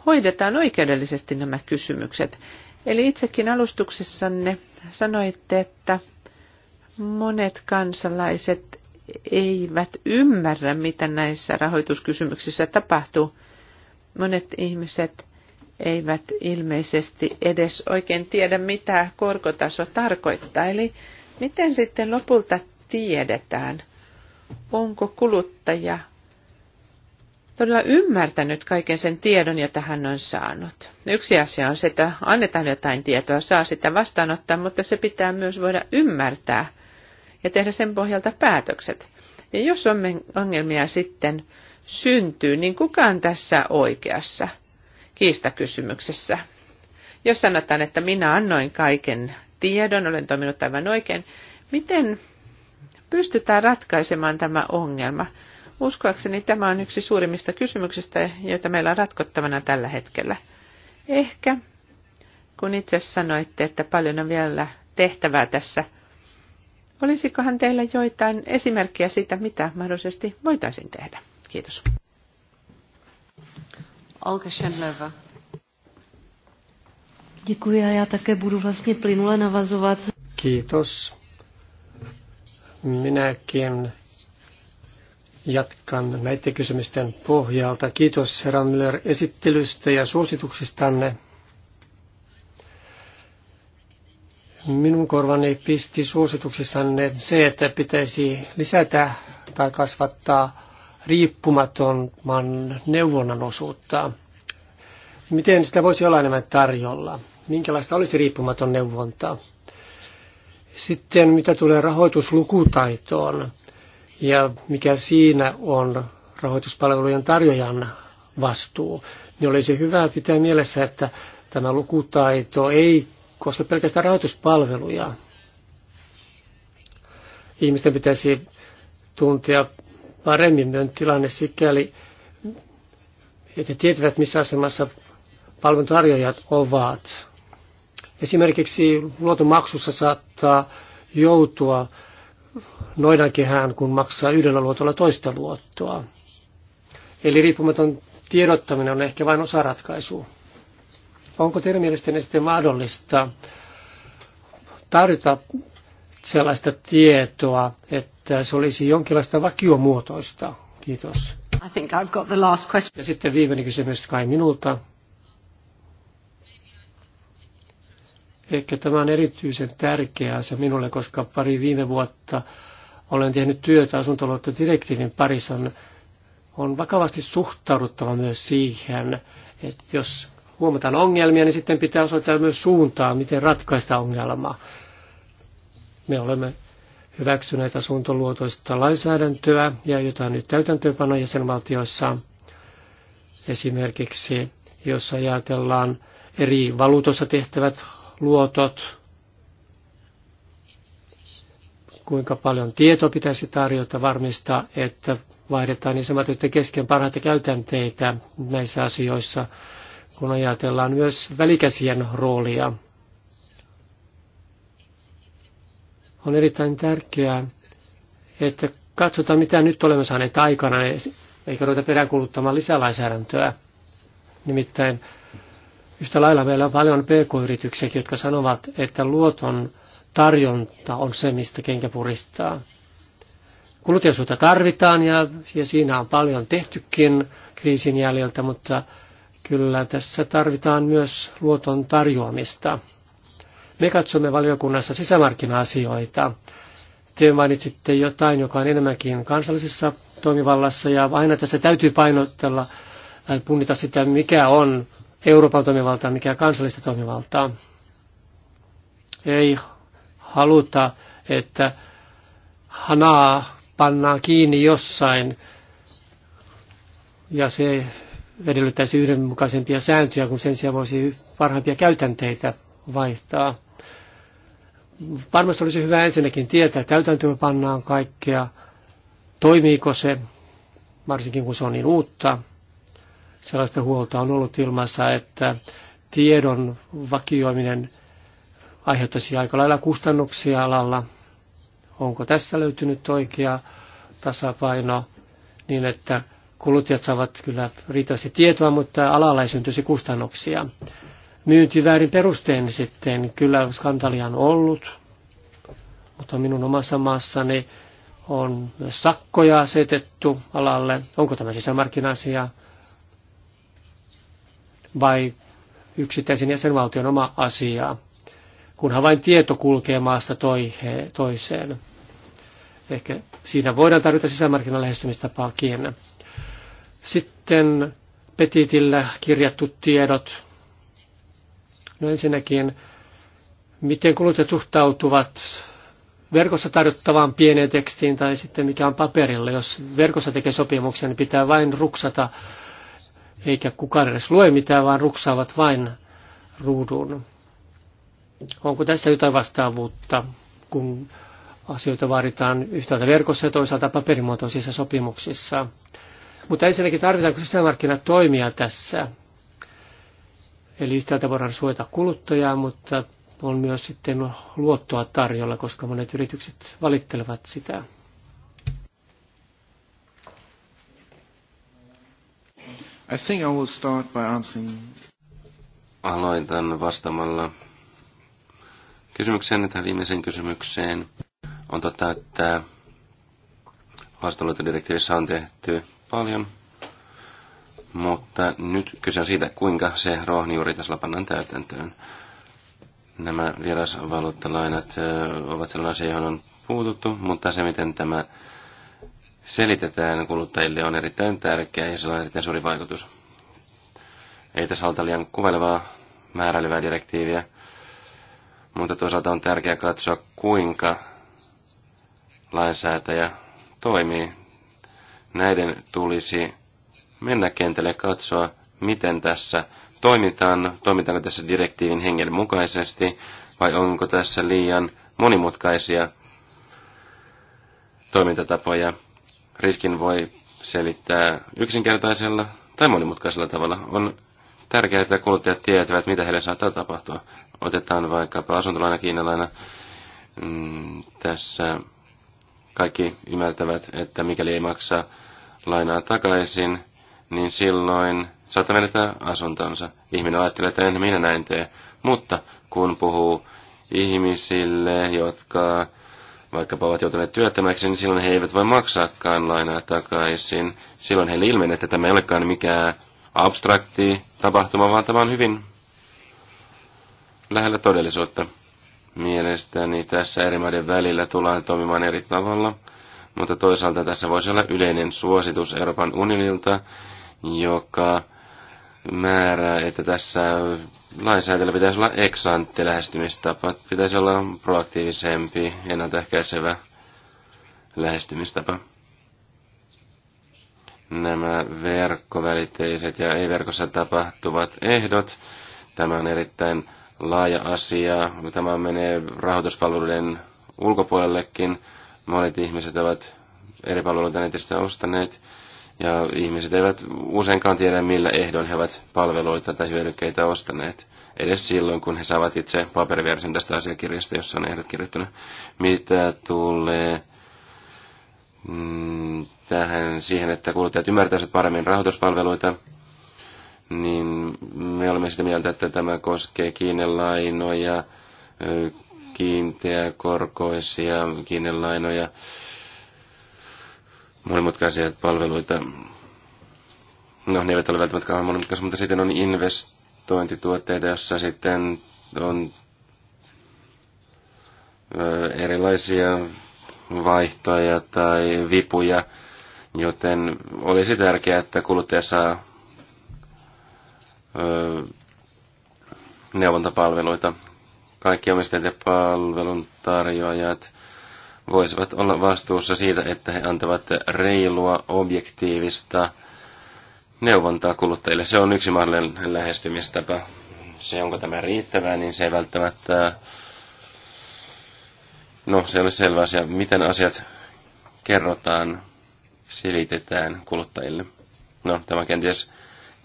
hoidetaan oikeudellisesti nämä kysymykset? Eli itsekin alustuksessanne sanoitte, että monet kansalaiset eivät ymmärrä, mitä näissä rahoituskysymyksissä tapahtuu. Monet ihmiset eivät ilmeisesti edes oikein tiedä, mitä korkotaso tarkoittaa. Eli miten sitten lopulta tiedetään, onko kuluttaja todella ymmärtänyt kaiken sen tiedon, jota hän on saanut. Yksi asia on se, että annetaan jotain tietoa, saa sitä vastaanottaa, mutta se pitää myös voida ymmärtää ja tehdä sen pohjalta päätökset. Ja jos ongelmia sitten syntyy, niin kukaan tässä oikeassa kiistakysymyksessä? Jos sanotaan, että minä annoin kaiken tiedon, olen toiminut aivan oikein, miten pystytään ratkaisemaan tämä ongelma? Uskoakseni tämä on yksi suurimmista kysymyksistä, joita meillä on ratkottavana tällä hetkellä. Ehkä, kun itse sanoitte, että paljon on vielä tehtävää tässä, olisikohan teillä joitain esimerkkejä siitä, mitä mahdollisesti voitaisiin tehdä? Kiitos. Olga Schenlöva. Děkuji a já také budu vlastně plynule navazovat. Kiitos. Minäkin Jatkan näiden kysymysten pohjalta. Kiitos herra Müller esittelystä ja suosituksistanne. Minun korvani pisti suosituksissanne se, että pitäisi lisätä tai kasvattaa riippumattoman neuvonnan osuutta. Miten sitä voisi olla enemmän tarjolla? Minkälaista olisi riippumaton neuvonta? Sitten mitä tulee rahoituslukutaitoon, ja mikä siinä on rahoituspalvelujen tarjoajan vastuu, niin olisi hyvä pitää mielessä, että tämä lukutaito ei koske pelkästään rahoituspalveluja. Ihmisten pitäisi tuntea paremmin tilanne sikäli, että tietävät, missä asemassa palveluntarjoajat ovat. Esimerkiksi luotomaksussa saattaa joutua noidankehään, kun maksaa yhdellä luotolla toista luottoa. Eli riippumaton tiedottaminen on ehkä vain osa ratkaisua. Onko teidän mielestäni sitten mahdollista tarjota sellaista tietoa, että se olisi jonkinlaista vakiomuotoista? Kiitos. I think I've got the last question. Ja sitten viimeinen kysymys kai minulta. Ehkä tämä on erityisen tärkeää? Se minulle, koska pari viime vuotta olen tehnyt työtä asuntoluottodirektiivin parissa. On, on vakavasti suhtauduttava myös siihen, että jos huomataan ongelmia, niin sitten pitää osoittaa myös suuntaa, miten ratkaista ongelmaa. Me olemme hyväksyneet asuntoluotoista lainsäädäntöä ja jotain nyt täytäntöönpano jäsenvaltioissa. Esimerkiksi jos ajatellaan eri valuutossa tehtävät luotot, kuinka paljon tietoa pitäisi tarjota, varmistaa, että vaihdetaan niin kesken parhaita käytänteitä näissä asioissa, kun ajatellaan myös välikäsien roolia. On erittäin tärkeää, että katsotaan mitä nyt olemme saaneet aikana, eikä ruveta peräänkuluttamaan lisälainsäädäntöä. Nimittäin yhtä lailla meillä on paljon pk-yrityksiä, jotka sanovat, että luoton tarjonta on se, mistä kenkä puristaa. Kulutiosuutta tarvitaan ja, ja siinä on paljon tehtykin kriisin jäljiltä, mutta kyllä tässä tarvitaan myös luoton tarjoamista. Me katsomme valiokunnassa sisämarkkina-asioita. Te mainitsitte jotain, joka on enemmänkin kansallisessa toimivallassa ja aina tässä täytyy painottella tai äh, punnita sitä, mikä on Euroopan toimivaltaa, mikä on kansallista toimivaltaa. Ei haluta, että hanaa pannaan kiinni jossain ja se edellyttäisi yhdenmukaisempia sääntöjä, kun sen sijaan voisi parhaimpia käytänteitä vaihtaa. Varmasti olisi hyvä ensinnäkin tietää, täytäntöön pannaan kaikkea, toimiiko se, varsinkin kun se on niin uutta. Sellaista huolta on ollut ilmassa, että tiedon vakioiminen – aiheuttaisi aika lailla kustannuksia alalla. Onko tässä löytynyt oikea tasapaino niin, että kuluttajat saavat kyllä riittävästi tietoa, mutta alalla ei syntyisi kustannuksia. Myynti väärin perusteen sitten kyllä skandalia on ollut, mutta minun omassa maassani on myös sakkoja asetettu alalle. Onko tämä sisämarkkina-asia vai yksittäisen jäsenvaltion oma asia? kunhan vain tieto kulkee maasta toiseen. Ehkä siinä voidaan tarvita sisämarkkinan kiinni. Sitten petitillä kirjattu tiedot. No ensinnäkin, miten kuluttajat suhtautuvat verkossa tarjottavaan pieneen tekstiin tai sitten mikä on paperilla. Jos verkossa tekee sopimuksen, niin pitää vain ruksata, eikä kukaan edes lue mitään, vaan ruksaavat vain ruudun. Onko tässä jotain vastaavuutta, kun asioita vaaditaan yhtäältä verkossa ja toisaalta paperimuotoisissa sopimuksissa? Mutta ensinnäkin tarvitaanko sisämarkkinat toimia tässä? Eli yhtäältä voidaan suojata kuluttajaa, mutta on myös sitten luottoa tarjolla, koska monet yritykset valittelevat sitä. I think I will start by answering. Aloitan vastaamalla kysymykseen, tähän viimeiseen kysymykseen. On totta, että vastaanotodirektiivissä on tehty paljon, mutta nyt kyse on siitä, kuinka se tässä pannaan täytäntöön. Nämä vierasvaluuttalainat ovat sellaisia, joihin on puututtu, mutta se, miten tämä selitetään kuluttajille, on erittäin tärkeä ja sillä on erittäin suuri vaikutus. Ei tässä haluta liian kuvailevaa määräilevää direktiiviä, mutta toisaalta on tärkeää katsoa, kuinka lainsäätäjä toimii. Näiden tulisi mennä kentälle katsoa, miten tässä toimitaan, toimitaanko tässä direktiivin hengen mukaisesti vai onko tässä liian monimutkaisia toimintatapoja. Riskin voi selittää yksinkertaisella tai monimutkaisella tavalla. On tärkeää, että kuluttajat tietävät, mitä heille saattaa tapahtua. Otetaan vaikkapa asuntolaina, kiinalaina. Mm, tässä kaikki ymmärtävät, että mikäli ei maksa lainaa takaisin, niin silloin saattaa menettää asuntonsa. Ihminen ajattelee, että en minä näin tee. Mutta kun puhuu ihmisille, jotka vaikkapa ovat joutuneet työttömäksi, niin silloin he eivät voi maksaakaan lainaa takaisin. Silloin heille ilmenee, että tämä ei olekaan mikään abstrakti tapahtuma, vaan tämä on hyvin lähellä todellisuutta. Mielestäni tässä eri maiden välillä tullaan toimimaan eri tavalla, mutta toisaalta tässä voisi olla yleinen suositus Euroopan unionilta, joka määrää, että tässä lainsäädäntöllä pitäisi olla eksantti lähestymistapa, pitäisi olla proaktiivisempi, ennaltaehkäisevä lähestymistapa nämä verkkoväliteiset ja ei-verkossa tapahtuvat ehdot. Tämä on erittäin laaja asia. Tämä menee rahoituspalveluiden ulkopuolellekin. Monet ihmiset ovat eri palveluita netistä ostaneet. Ja ihmiset eivät useinkaan tiedä, millä ehdoin he ovat palveluita tai hyödykkeitä ostaneet. Edes silloin, kun he saavat itse paperiversion tästä asiakirjasta, jossa on ehdot kirjoittuna. Mitä tulee mm, tähän siihen, että kuluttajat ymmärtäisivät paremmin rahoituspalveluita, niin me olemme sitä mieltä, että tämä koskee kiinnelainoja, kiinteäkorkoisia kiinnelainoja, monimutkaisia palveluita. No, ne eivät ole välttämättä kauhean monimutkaisia, mutta sitten on investointituotteita, jossa sitten on erilaisia vaihtoja tai vipuja, Joten olisi tärkeää, että kuluttaja saa öö, neuvontapalveluita. Kaikki omistajat ja palveluntarjoajat voisivat olla vastuussa siitä, että he antavat reilua, objektiivista neuvontaa kuluttajille. Se on yksi mahdollinen lähestymistapa. Se, onko tämä riittävää, niin se ei välttämättä... No, se ei ole selvä asia. Miten asiat kerrotaan selitetään kuluttajille. No, tämä kenties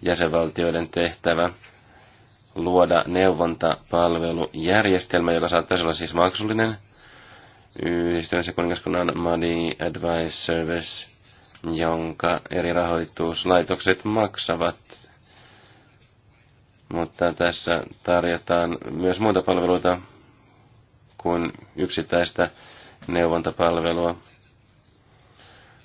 jäsenvaltioiden tehtävä luoda neuvontapalvelujärjestelmä, joka saattaisi olla siis maksullinen. Yhdistyneessä kuningaskunnan Money Advice Service, jonka eri rahoituslaitokset maksavat. Mutta tässä tarjotaan myös muita palveluita kuin yksittäistä neuvontapalvelua.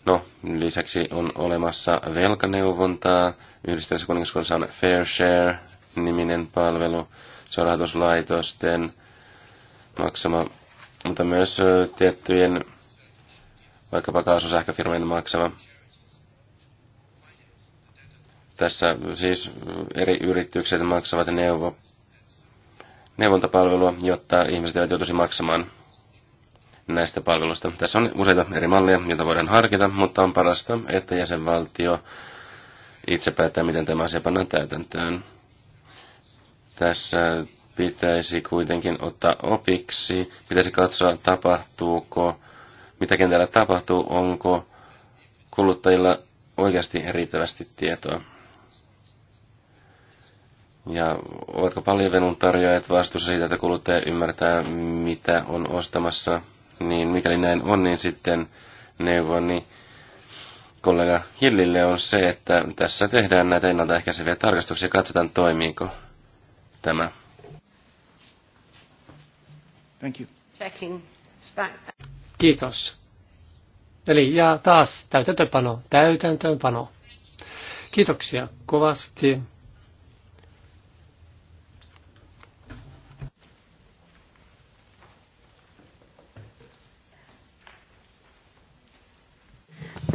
No, lisäksi on olemassa velkaneuvontaa. Yhdistyneessä kuningaskunnassa on Fair Share-niminen palvelu. Se on rahoituslaitosten maksama, mutta myös tiettyjen vaikkapa kaasusähköfirmojen maksama. Tässä siis eri yritykset maksavat neuvo, neuvontapalvelua, jotta ihmiset eivät joutuisi maksamaan näistä palveluista. Tässä on useita eri malleja, joita voidaan harkita, mutta on parasta, että jäsenvaltio itse päättää, miten tämä asia pannaan täytäntöön. Tässä pitäisi kuitenkin ottaa opiksi, pitäisi katsoa tapahtuuko, mitä kentällä tapahtuu, onko kuluttajilla oikeasti riittävästi tietoa. Ja ovatko venun tarjoajat vastuussa siitä, että kuluttaja ymmärtää, mitä on ostamassa – niin mikäli näin on, niin sitten neuvoni kollega Hillille on se, että tässä tehdään näitä ennaltaehkäiseviä tarkastuksia ja katsotaan toimiiko tämä. Thank you. Checking. Kiitos. Eli ja taas täytäntöönpano, täytäntöönpano. Kiitoksia kovasti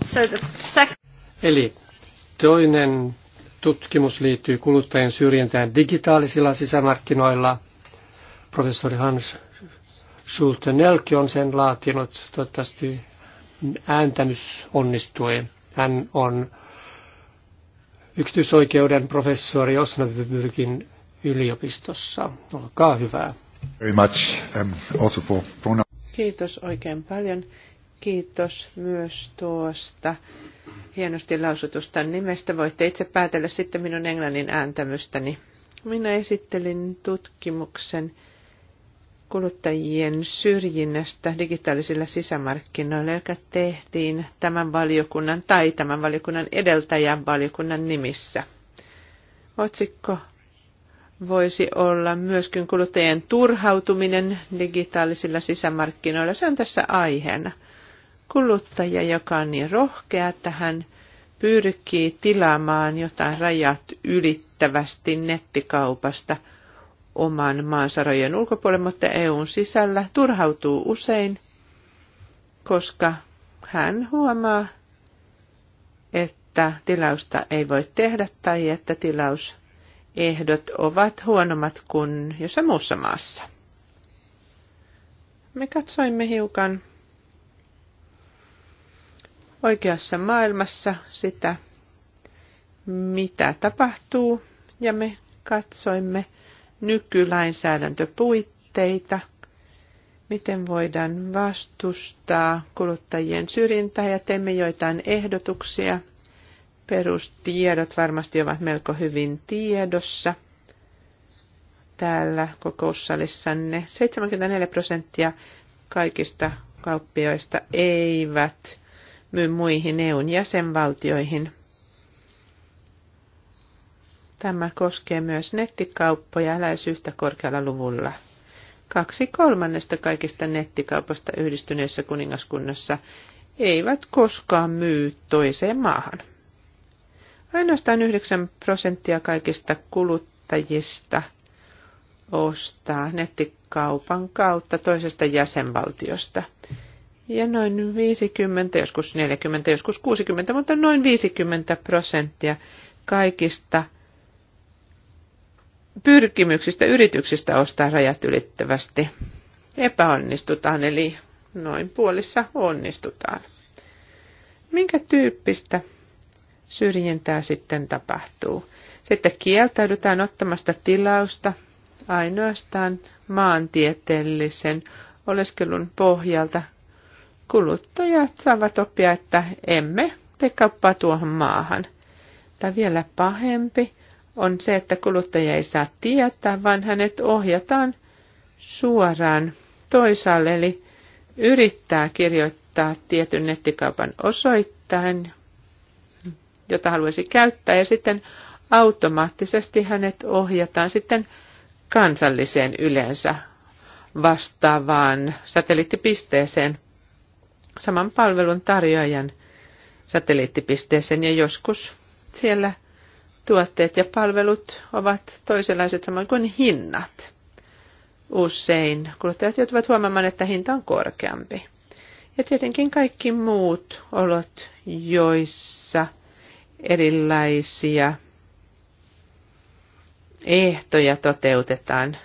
So the second... Eli toinen tutkimus liittyy kuluttajien syrjintään digitaalisilla sisämarkkinoilla. Professori Hans Schulte Nelki on sen laatinut. Toivottavasti ääntämys onnistui. Hän on yksityisoikeuden professori Osnabrückin yliopistossa. Olkaa hyvää. Very much, um, also for Kiitos oikein paljon. Kiitos myös tuosta hienosti lausutusta nimestä. Voitte itse päätellä sitten minun englannin ääntämystäni. Minä esittelin tutkimuksen kuluttajien syrjinnästä digitaalisilla sisämarkkinoilla, joka tehtiin tämän valiokunnan tai tämän valiokunnan edeltäjän valiokunnan nimissä. Otsikko voisi olla myöskin kuluttajien turhautuminen digitaalisilla sisämarkkinoilla. Se on tässä aiheena kuluttaja, joka on niin rohkea, että hän pyrkii tilaamaan jotain rajat ylittävästi nettikaupasta oman maansa ulkopuolelle, mutta EUn sisällä turhautuu usein, koska hän huomaa, että tilausta ei voi tehdä tai että tilausehdot ovat huonommat kuin jossain muussa maassa. Me katsoimme hiukan oikeassa maailmassa sitä, mitä tapahtuu, ja me katsoimme nykylainsäädäntöpuitteita, miten voidaan vastustaa kuluttajien syrjintää, ja teemme joitain ehdotuksia. Perustiedot varmasti ovat melko hyvin tiedossa täällä kokoussalissanne. 74 prosenttia kaikista kauppioista eivät myy muihin EUn jäsenvaltioihin. Tämä koskee myös nettikauppoja lähes yhtä korkealla luvulla. Kaksi kolmannesta kaikista nettikaupasta yhdistyneessä kuningaskunnassa eivät koskaan myy toiseen maahan. Ainoastaan 9 prosenttia kaikista kuluttajista ostaa nettikaupan kautta toisesta jäsenvaltiosta ja noin 50, joskus 40, joskus 60, mutta noin 50 prosenttia kaikista pyrkimyksistä yrityksistä ostaa rajat ylittävästi epäonnistutaan, eli noin puolissa onnistutaan. Minkä tyyppistä syrjintää sitten tapahtuu? Sitten kieltäydytään ottamasta tilausta ainoastaan maantieteellisen oleskelun pohjalta kuluttajat saavat oppia, että emme tee kauppaa tuohon maahan. Tai vielä pahempi on se, että kuluttaja ei saa tietää, vaan hänet ohjataan suoraan toisaalle, eli yrittää kirjoittaa tietyn nettikaupan osoittain, jota haluaisi käyttää, ja sitten automaattisesti hänet ohjataan sitten kansalliseen yleensä vastaavaan satelliittipisteeseen, saman palvelun tarjoajan satelliittipisteeseen ja joskus siellä tuotteet ja palvelut ovat toisenlaiset samoin kuin hinnat. Usein kuluttajat joutuvat huomaamaan, että hinta on korkeampi. Ja tietenkin kaikki muut olot, joissa erilaisia ehtoja toteutetaan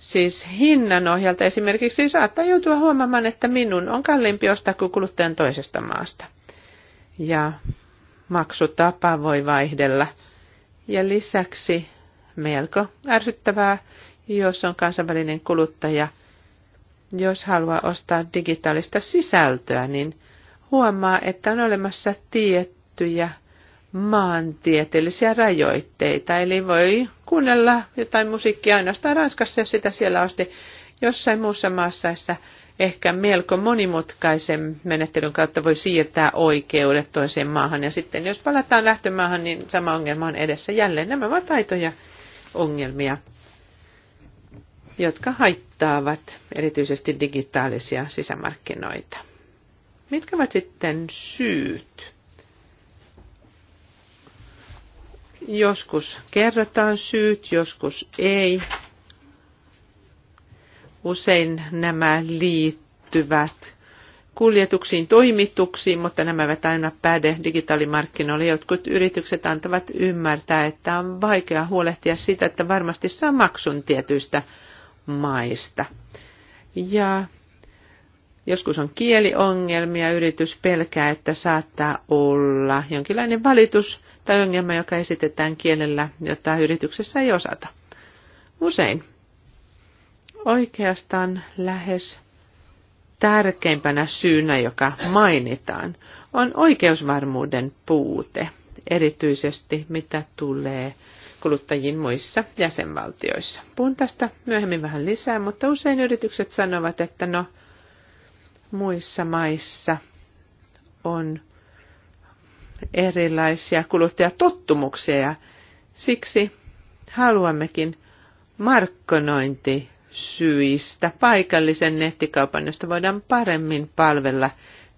siis hinnan ohjelta esimerkiksi siis saattaa joutua huomaamaan, että minun on kalliimpi ostaa kuin kuluttajan toisesta maasta. Ja maksutapa voi vaihdella. Ja lisäksi melko ärsyttävää, jos on kansainvälinen kuluttaja. Jos haluaa ostaa digitaalista sisältöä, niin huomaa, että on olemassa tiettyjä maantieteellisiä rajoitteita, eli voi kuunnella jotain musiikkia ainoastaan Ranskassa, ja sitä siellä osti jossain muussa maassa, ehkä melko monimutkaisen menettelyn kautta voi siirtää oikeudet toiseen maahan. Ja sitten jos palataan lähtömaahan, niin sama ongelma on edessä jälleen. Nämä ovat taitoja ongelmia, jotka haittaavat erityisesti digitaalisia sisämarkkinoita. Mitkä ovat sitten syyt? Joskus kerrotaan syyt, joskus ei. Usein nämä liittyvät kuljetuksiin, toimituksiin, mutta nämä eivät aina päde digitaalimarkkinoille. Jotkut yritykset antavat ymmärtää, että on vaikea huolehtia siitä, että varmasti saa maksun tietyistä maista. Ja joskus on kieliongelmia, yritys pelkää, että saattaa olla jonkinlainen valitus tai ongelma, joka esitetään kielellä, jota yrityksessä ei osata. Usein oikeastaan lähes tärkeimpänä syynä, joka mainitaan, on oikeusvarmuuden puute, erityisesti mitä tulee kuluttajiin muissa jäsenvaltioissa. Puhun tästä myöhemmin vähän lisää, mutta usein yritykset sanovat, että no, muissa maissa on erilaisia kuluttajatottumuksia ja siksi haluammekin markkinointisyistä paikallisen nettikaupan, josta voidaan paremmin palvella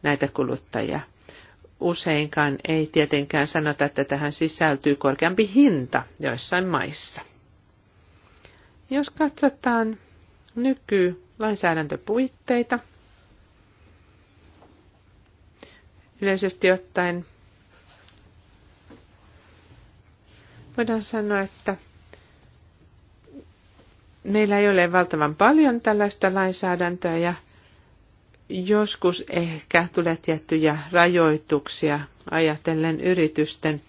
näitä kuluttajia. Useinkaan ei tietenkään sanota, että tähän sisältyy korkeampi hinta joissain maissa. Jos katsotaan nykylainsäädäntöpuitteita, yleisesti ottaen voidaan sanoa, että meillä ei ole valtavan paljon tällaista lainsäädäntöä ja joskus ehkä tulee tiettyjä rajoituksia ajatellen yritysten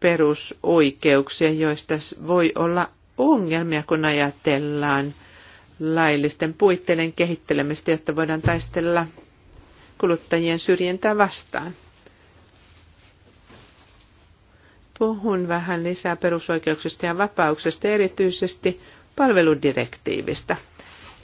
perusoikeuksia, joista voi olla ongelmia, kun ajatellaan laillisten puitteiden kehittelemistä, jotta voidaan taistella kuluttajien syrjintää vastaan. puhun vähän lisää perusoikeuksista ja vapauksista, erityisesti palveludirektiivistä.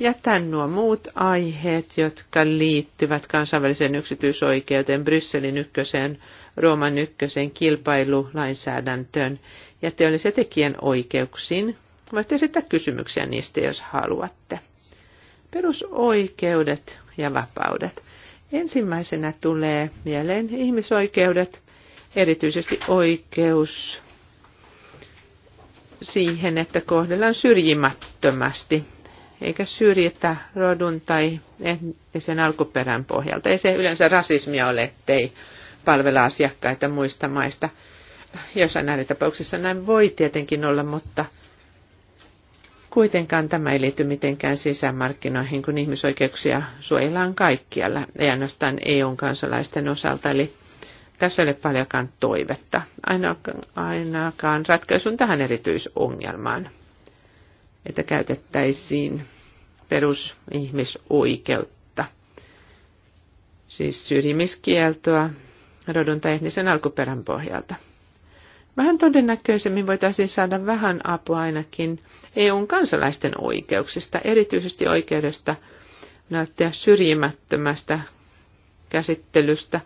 Jätän nuo muut aiheet, jotka liittyvät kansainväliseen yksityisoikeuteen, Brysselin ykköseen, Rooman ykköseen, kilpailulainsäädäntöön ja teollisen tekijän oikeuksiin. Voitte esittää kysymyksiä niistä, jos haluatte. Perusoikeudet ja vapaudet. Ensimmäisenä tulee mieleen ihmisoikeudet, erityisesti oikeus siihen, että kohdellaan syrjimättömästi, eikä syrjitä rodun tai sen alkuperän pohjalta. Ei se yleensä rasismia ole, ettei palvella asiakkaita muista maista. Jossain näiden tapauksissa näin voi tietenkin olla, mutta kuitenkaan tämä ei liity mitenkään sisämarkkinoihin, kun ihmisoikeuksia suojellaan kaikkialla, ei ainoastaan eu kansalaisten osalta. Eli tässä ei ole paljonkaan toivetta, ainakaan ratkaisun tähän erityisongelmaan, että käytettäisiin perusihmisoikeutta, siis syrjimiskieltoa rodun tai etnisen alkuperän pohjalta. Vähän todennäköisemmin voitaisiin saada vähän apua ainakin EUn kansalaisten oikeuksista, erityisesti oikeudesta näyttää syrjimättömästä käsittelystä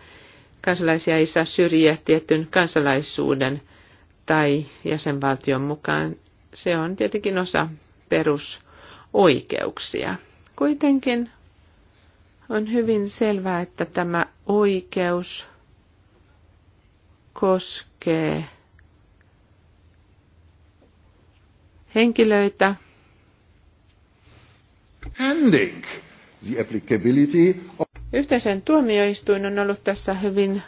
kansalaisia ei saa syrjiä tietyn kansalaisuuden tai jäsenvaltion mukaan. Se on tietenkin osa perusoikeuksia. Kuitenkin on hyvin selvää, että tämä oikeus koskee henkilöitä. Ending the applicability of Yhteisen tuomioistuin on ollut tässä hyvin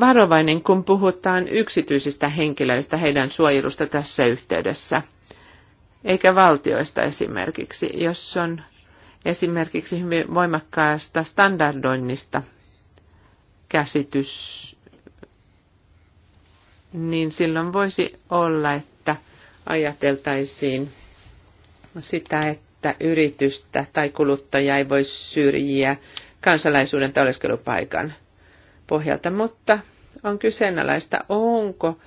varovainen, kun puhutaan yksityisistä henkilöistä, heidän suojelusta tässä yhteydessä, eikä valtioista esimerkiksi, jos on esimerkiksi hyvin voimakkaasta standardoinnista käsitys, niin silloin voisi olla, että ajateltaisiin sitä, että että yritystä tai kuluttaja ei voi syrjiä kansalaisuuden tai oleskelupaikan pohjalta, mutta on kyseenalaista, onko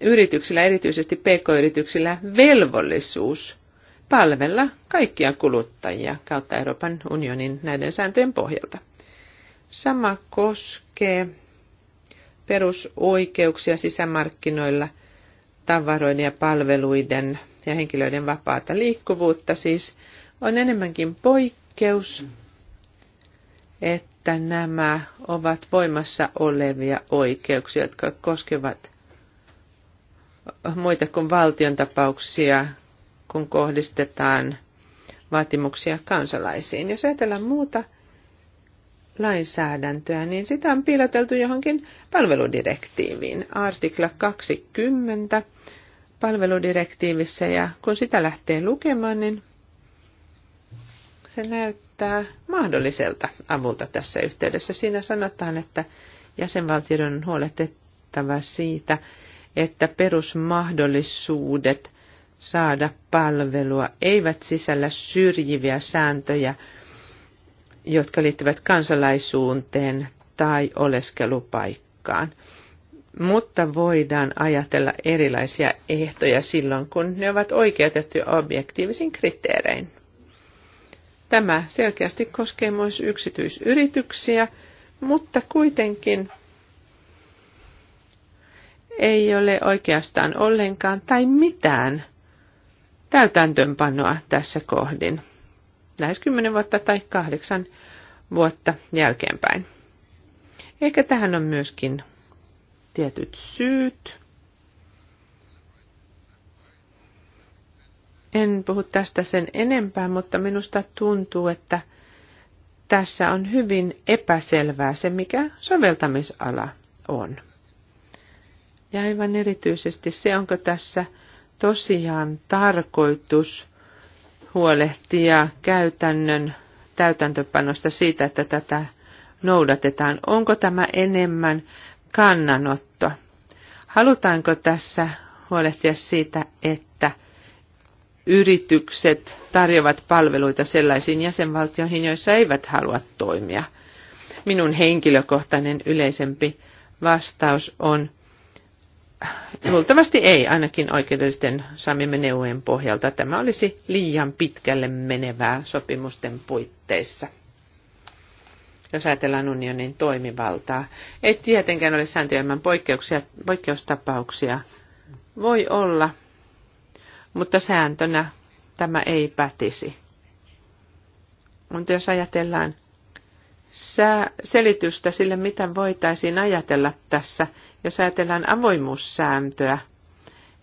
yrityksillä, erityisesti pk-yrityksillä, velvollisuus palvella kaikkia kuluttajia kautta Euroopan unionin näiden sääntöjen pohjalta. Sama koskee perusoikeuksia sisämarkkinoilla tavaroiden ja palveluiden ja henkilöiden vapaata liikkuvuutta siis on enemmänkin poikkeus, että nämä ovat voimassa olevia oikeuksia, jotka koskevat muita kuin valtion tapauksia, kun kohdistetaan vaatimuksia kansalaisiin. Jos ajatellaan muuta lainsäädäntöä, niin sitä on piiloteltu johonkin palveludirektiiviin. Artikla 20 palveludirektiivissä ja kun sitä lähtee lukemaan, niin se näyttää mahdolliselta avulta tässä yhteydessä. Siinä sanotaan, että jäsenvaltioiden on huolehdittava siitä, että perusmahdollisuudet saada palvelua eivät sisällä syrjiviä sääntöjä, jotka liittyvät kansalaisuuteen tai oleskelupaikkaan mutta voidaan ajatella erilaisia ehtoja silloin, kun ne ovat oikeutettuja objektiivisin kriteerein. Tämä selkeästi koskee myös yksityisyrityksiä, mutta kuitenkin ei ole oikeastaan ollenkaan tai mitään täytäntöönpanoa tässä kohdin. Lähes kymmenen vuotta tai kahdeksan vuotta jälkeenpäin. Ehkä tähän on myöskin tietyt syyt. En puhu tästä sen enempää, mutta minusta tuntuu, että tässä on hyvin epäselvää se, mikä soveltamisala on. Ja aivan erityisesti se, onko tässä tosiaan tarkoitus huolehtia käytännön täytäntöpanosta siitä, että tätä noudatetaan. Onko tämä enemmän kannanotto. Halutaanko tässä huolehtia siitä, että yritykset tarjoavat palveluita sellaisiin jäsenvaltioihin, joissa eivät halua toimia? Minun henkilökohtainen yleisempi vastaus on luultavasti ei, ainakin oikeudellisten saamimme neuvojen pohjalta. Tämä olisi liian pitkälle menevää sopimusten puitteissa jos ajatellaan unionin toimivaltaa. Ei tietenkään ole sääntöjä poikkeuksia, poikkeustapauksia. Voi olla, mutta sääntönä tämä ei pätisi. Mutta jos ajatellaan sää, selitystä sille, mitä voitaisiin ajatella tässä, jos ajatellaan avoimuussääntöä,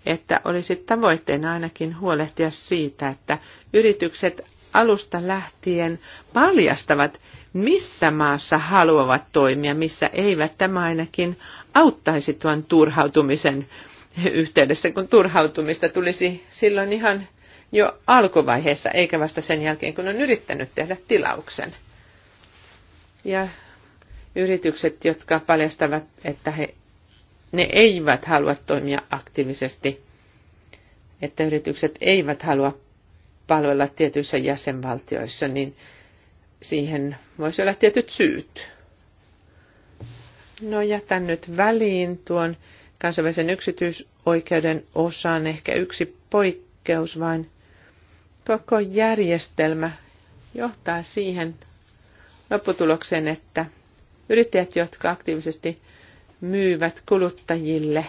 että olisi tavoitteena ainakin huolehtia siitä, että yritykset alusta lähtien paljastavat, missä maassa haluavat toimia, missä eivät. Tämä ainakin auttaisi tuon turhautumisen yhteydessä, kun turhautumista tulisi silloin ihan jo alkuvaiheessa, eikä vasta sen jälkeen, kun on yrittänyt tehdä tilauksen. Ja yritykset, jotka paljastavat, että he, ne eivät halua toimia aktiivisesti, että yritykset eivät halua palvella tietyissä jäsenvaltioissa, niin siihen voisi olla tietyt syyt. No jätän nyt väliin tuon kansainvälisen yksityisoikeuden osan ehkä yksi poikkeus, vain koko järjestelmä johtaa siihen lopputulokseen, että yrittäjät, jotka aktiivisesti myyvät kuluttajille,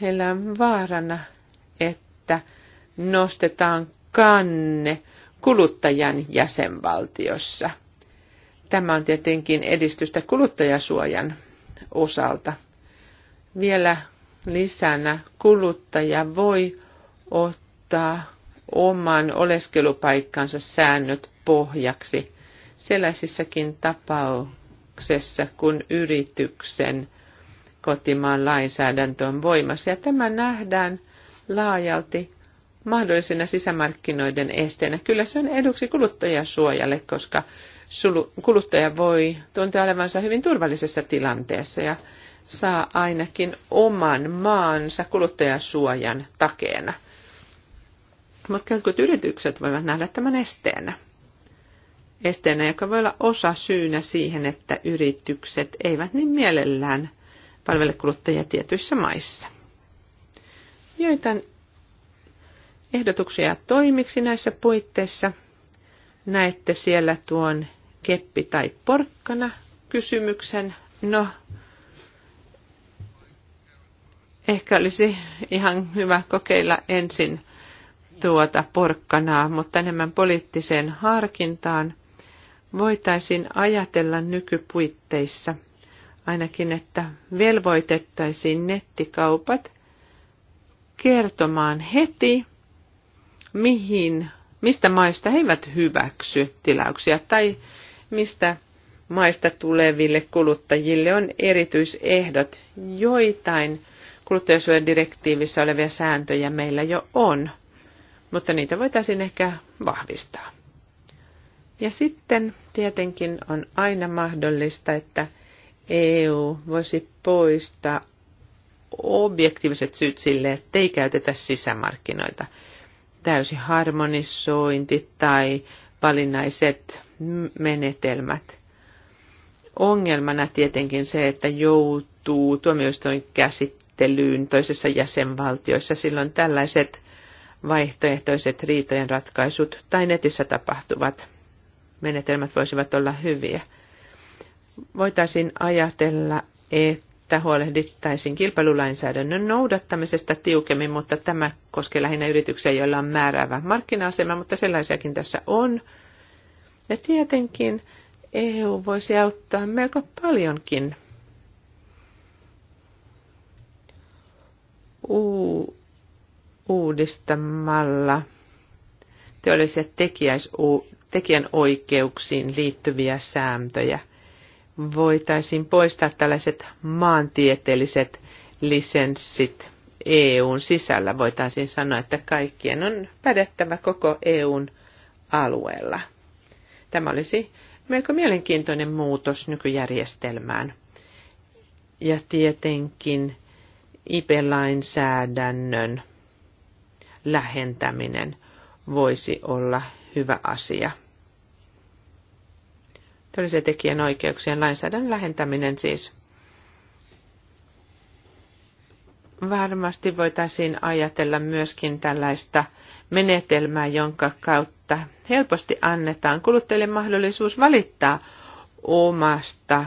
heillä on vaarana, että nostetaan kanne kuluttajan jäsenvaltiossa. Tämä on tietenkin edistystä kuluttajasuojan osalta. Vielä lisänä kuluttaja voi ottaa oman oleskelupaikkansa säännöt pohjaksi sellaisissakin tapauksessa, kun yrityksen kotimaan lainsäädäntö on voimassa. Ja tämä nähdään laajalti mahdollisena sisämarkkinoiden esteenä. Kyllä se on eduksi kuluttajasuojalle, koska kuluttaja voi tuntea olevansa hyvin turvallisessa tilanteessa ja saa ainakin oman maansa kuluttajasuojan takeena. Mutta jotkut yritykset voivat nähdä tämän esteenä. Esteenä, joka voi olla osa syynä siihen, että yritykset eivät niin mielellään palvele kuluttajia tietyissä maissa. Joitain ehdotuksia toimiksi näissä puitteissa. Näette siellä tuon keppi tai porkkana kysymyksen. No, ehkä olisi ihan hyvä kokeilla ensin tuota porkkanaa, mutta enemmän poliittiseen harkintaan voitaisiin ajatella nykypuitteissa ainakin, että velvoitettaisiin nettikaupat kertomaan heti mihin, mistä maista he eivät hyväksy tilauksia tai mistä maista tuleville kuluttajille on erityisehdot. Joitain kuluttajasuojadirektiivissä olevia sääntöjä meillä jo on, mutta niitä voitaisiin ehkä vahvistaa. Ja sitten tietenkin on aina mahdollista, että EU voisi poistaa objektiiviset syyt sille, ettei käytetä sisämarkkinoita – täysi harmonisointi tai valinnaiset menetelmät. Ongelmana tietenkin se, että joutuu tuomioistuin käsittelyyn toisessa jäsenvaltioissa. Silloin tällaiset vaihtoehtoiset riitojen ratkaisut tai netissä tapahtuvat menetelmät voisivat olla hyviä. Voitaisiin ajatella, että että huolehdittaisiin kilpailulainsäädännön noudattamisesta tiukemmin, mutta tämä koskee lähinnä yrityksiä, joilla on määräävä markkina-asema, mutta sellaisiakin tässä on. Ja tietenkin EU voisi auttaa melko paljonkin U- uudistamalla teollisia tekijäis- oikeuksiin liittyviä sääntöjä – voitaisiin poistaa tällaiset maantieteelliset lisenssit EUn sisällä. Voitaisiin sanoa, että kaikkien on pädettävä koko EUn alueella. Tämä olisi melko mielenkiintoinen muutos nykyjärjestelmään. Ja tietenkin IP-lainsäädännön lähentäminen voisi olla hyvä asia – Todellisen tekijän oikeuksien lainsäädännön lähentäminen siis. Varmasti voitaisiin ajatella myöskin tällaista menetelmää, jonka kautta helposti annetaan kuluttajille mahdollisuus valittaa omasta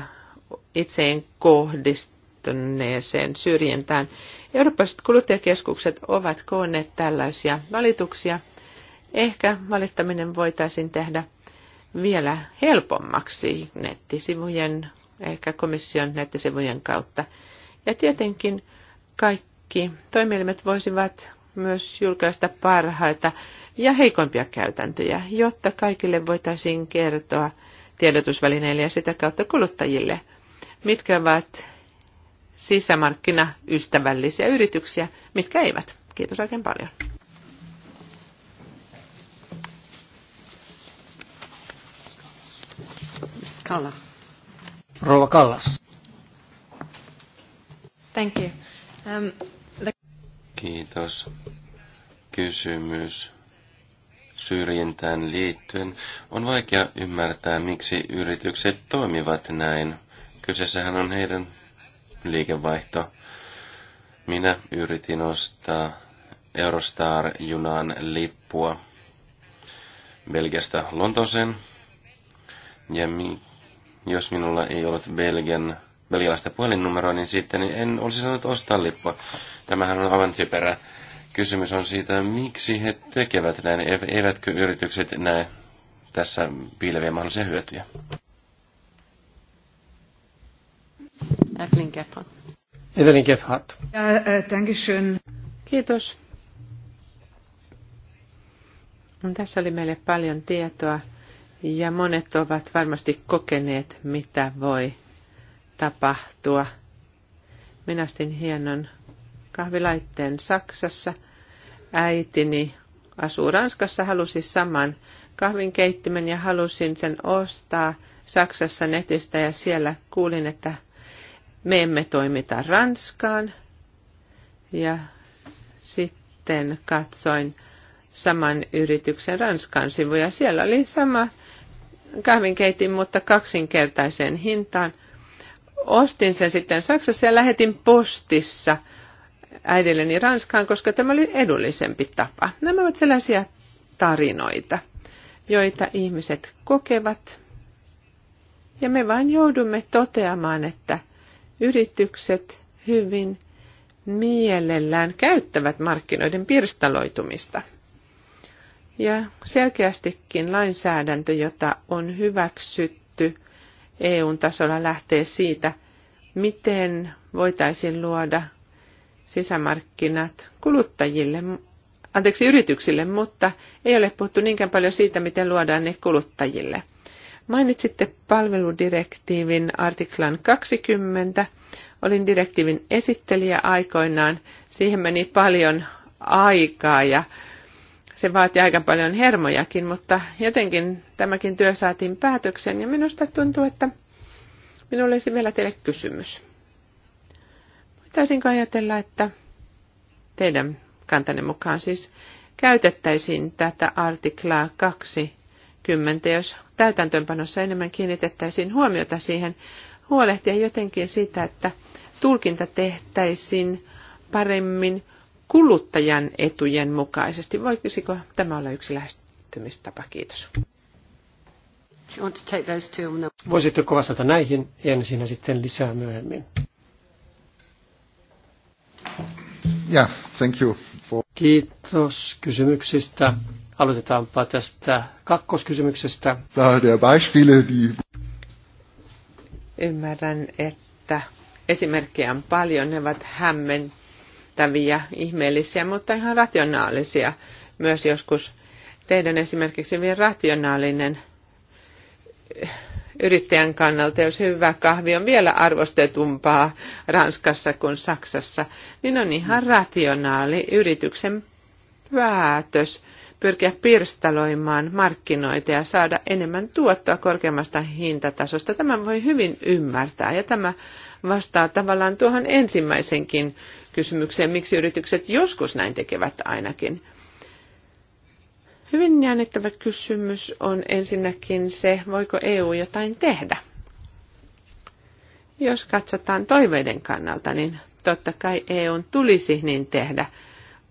itseen kohdistuneeseen syrjintään. Eurooppalaiset kuluttajakeskukset ovat koonneet tällaisia valituksia. Ehkä valittaminen voitaisiin tehdä vielä helpommaksi nettisivujen, ehkä komission nettisivujen kautta. Ja tietenkin kaikki toimielimet voisivat myös julkaista parhaita ja heikompia käytäntöjä, jotta kaikille voitaisiin kertoa tiedotusvälineille ja sitä kautta kuluttajille, mitkä ovat sisämarkkinaystävällisiä yrityksiä, mitkä eivät. Kiitos oikein paljon. Kallas. Kallas. Thank you. Um, the... Kiitos. Kysymys syrjintään liittyen. On vaikea ymmärtää, miksi yritykset toimivat näin. Kyseessähän on heidän liikevaihto. Minä yritin ostaa Eurostar-junan lippua Belgiasta Lontooseen. Ja mi- jos minulla ei ollut Belgian, belgialaista puhelinnumeroa, niin sitten en olisi saanut ostaa lippua. Tämähän on aivan typerä. Kysymys on siitä, miksi he tekevät näin. Eivätkö yritykset näe tässä piileviä mahdollisia hyötyjä? Evelyn Gebhardt. Evelyn Gebhardt. Ja, äh, Kiitos. No, tässä oli meille paljon tietoa ja monet ovat varmasti kokeneet, mitä voi tapahtua. Minä astin hienon kahvilaitteen Saksassa. Äitini asuu Ranskassa, halusi saman kahvin keittimen ja halusin sen ostaa Saksassa netistä ja siellä kuulin, että me emme toimita Ranskaan. Ja sitten katsoin saman yrityksen Ranskan sivuja. Siellä oli sama kahvinkeitin, mutta kaksinkertaiseen hintaan. Ostin sen sitten Saksassa ja lähetin postissa äidilleni Ranskaan, koska tämä oli edullisempi tapa. Nämä ovat sellaisia tarinoita, joita ihmiset kokevat. Ja me vain joudumme toteamaan, että yritykset hyvin mielellään käyttävät markkinoiden pirstaloitumista – ja selkeästikin lainsäädäntö, jota on hyväksytty EUn tasolla, lähtee siitä, miten voitaisiin luoda sisämarkkinat kuluttajille, anteeksi yrityksille, mutta ei ole puhuttu niinkään paljon siitä, miten luodaan ne kuluttajille. Mainitsitte palveludirektiivin artiklan 20. Olin direktiivin esittelijä aikoinaan. Siihen meni paljon aikaa ja se vaati aika paljon hermojakin, mutta jotenkin tämäkin työ saatiin päätökseen ja minusta tuntuu, että minulla olisi vielä teille kysymys. Voitaisinko ajatella, että teidän kantanne mukaan siis käytettäisiin tätä artiklaa 20, jos täytäntöönpanossa enemmän kiinnitettäisiin huomiota siihen, huolehtia jotenkin siitä, että tulkinta tehtäisiin paremmin kuluttajan etujen mukaisesti. Voisiko tämä olla yksi lähestymistapa? Kiitos. Voisitteko vastata näihin ensin ja sitten lisää myöhemmin? Yeah, thank you for... Kiitos kysymyksistä. Aloitetaanpa tästä kakkoskysymyksestä. Ymmärrän, että esimerkkejä on paljon. Ne ovat hämmentäviä yllättäviä, ihmeellisiä, mutta ihan rationaalisia myös joskus. Teidän esimerkiksi hyvin rationaalinen yrittäjän kannalta, jos hyvä kahvi on vielä arvostetumpaa Ranskassa kuin Saksassa, niin on ihan rationaali yrityksen päätös pyrkiä pirstaloimaan markkinoita ja saada enemmän tuottoa korkeammasta hintatasosta. Tämä voi hyvin ymmärtää ja tämä vastaa tavallaan tuohon ensimmäisenkin kysymykseen, miksi yritykset joskus näin tekevät ainakin. Hyvin jännittävä kysymys on ensinnäkin se, voiko EU jotain tehdä. Jos katsotaan toiveiden kannalta, niin totta kai EUn tulisi niin tehdä,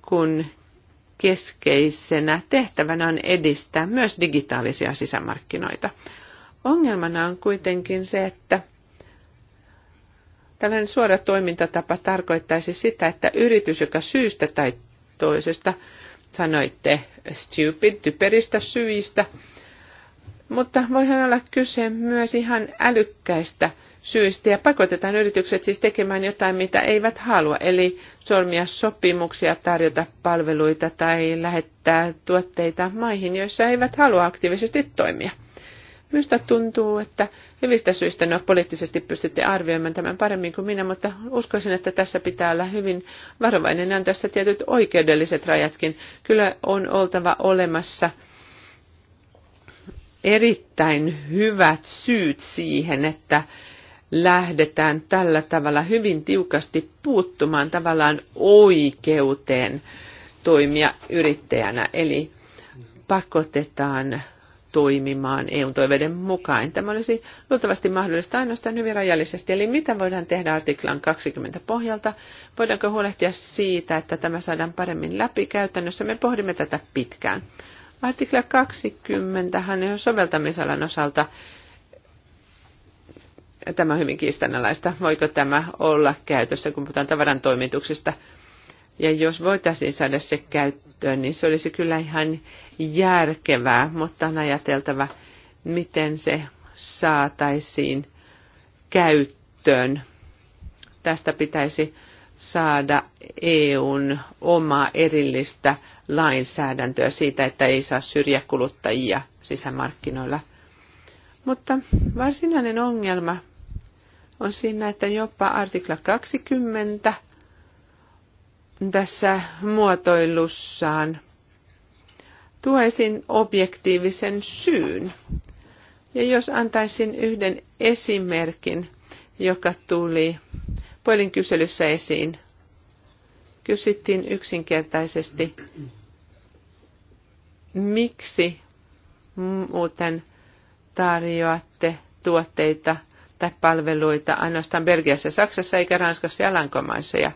kun keskeisenä tehtävänä on edistää myös digitaalisia sisämarkkinoita. Ongelmana on kuitenkin se, että Tällainen suora toimintatapa tarkoittaisi sitä, että yritys, joka syystä tai toisesta, sanoitte stupid, typeristä syistä, mutta voihan olla kyse myös ihan älykkäistä syistä ja pakotetaan yritykset siis tekemään jotain, mitä eivät halua, eli solmia sopimuksia, tarjota palveluita tai lähettää tuotteita maihin, joissa eivät halua aktiivisesti toimia. Minusta tuntuu, että hyvistä syistä no, poliittisesti pystytte arvioimaan tämän paremmin kuin minä, mutta uskoisin, että tässä pitää olla hyvin varovainen. Ne on tässä tietyt oikeudelliset rajatkin. Kyllä on oltava olemassa erittäin hyvät syyt siihen, että lähdetään tällä tavalla hyvin tiukasti puuttumaan tavallaan oikeuteen toimia yrittäjänä. Eli pakotetaan toimimaan EUn toiveiden mukaan. Tämä olisi luultavasti mahdollista ainoastaan hyvin rajallisesti. Eli mitä voidaan tehdä artiklan 20 pohjalta? Voidaanko huolehtia siitä, että tämä saadaan paremmin läpi käytännössä? Me pohdimme tätä pitkään. Artikla 20 hän on soveltamisalan osalta tämä on hyvin kiistanalaista. Voiko tämä olla käytössä, kun puhutaan tavaran toimituksista? Ja jos voitaisiin saada se käyttöön, niin se olisi kyllä ihan järkevää, mutta on ajateltava, miten se saataisiin käyttöön. Tästä pitäisi saada EUn oma erillistä lainsäädäntöä siitä, että ei saa kuluttajia sisämarkkinoilla. Mutta varsinainen ongelma on siinä, että jopa artikla 20 tässä muotoilussaan tuo esiin objektiivisen syyn. Ja jos antaisin yhden esimerkin, joka tuli puolin kyselyssä esiin, kysyttiin yksinkertaisesti, miksi muuten tarjoatte tuotteita tai palveluita ainoastaan Belgiassa, Saksassa eikä Ranskassa ja Lankomaissa. Ja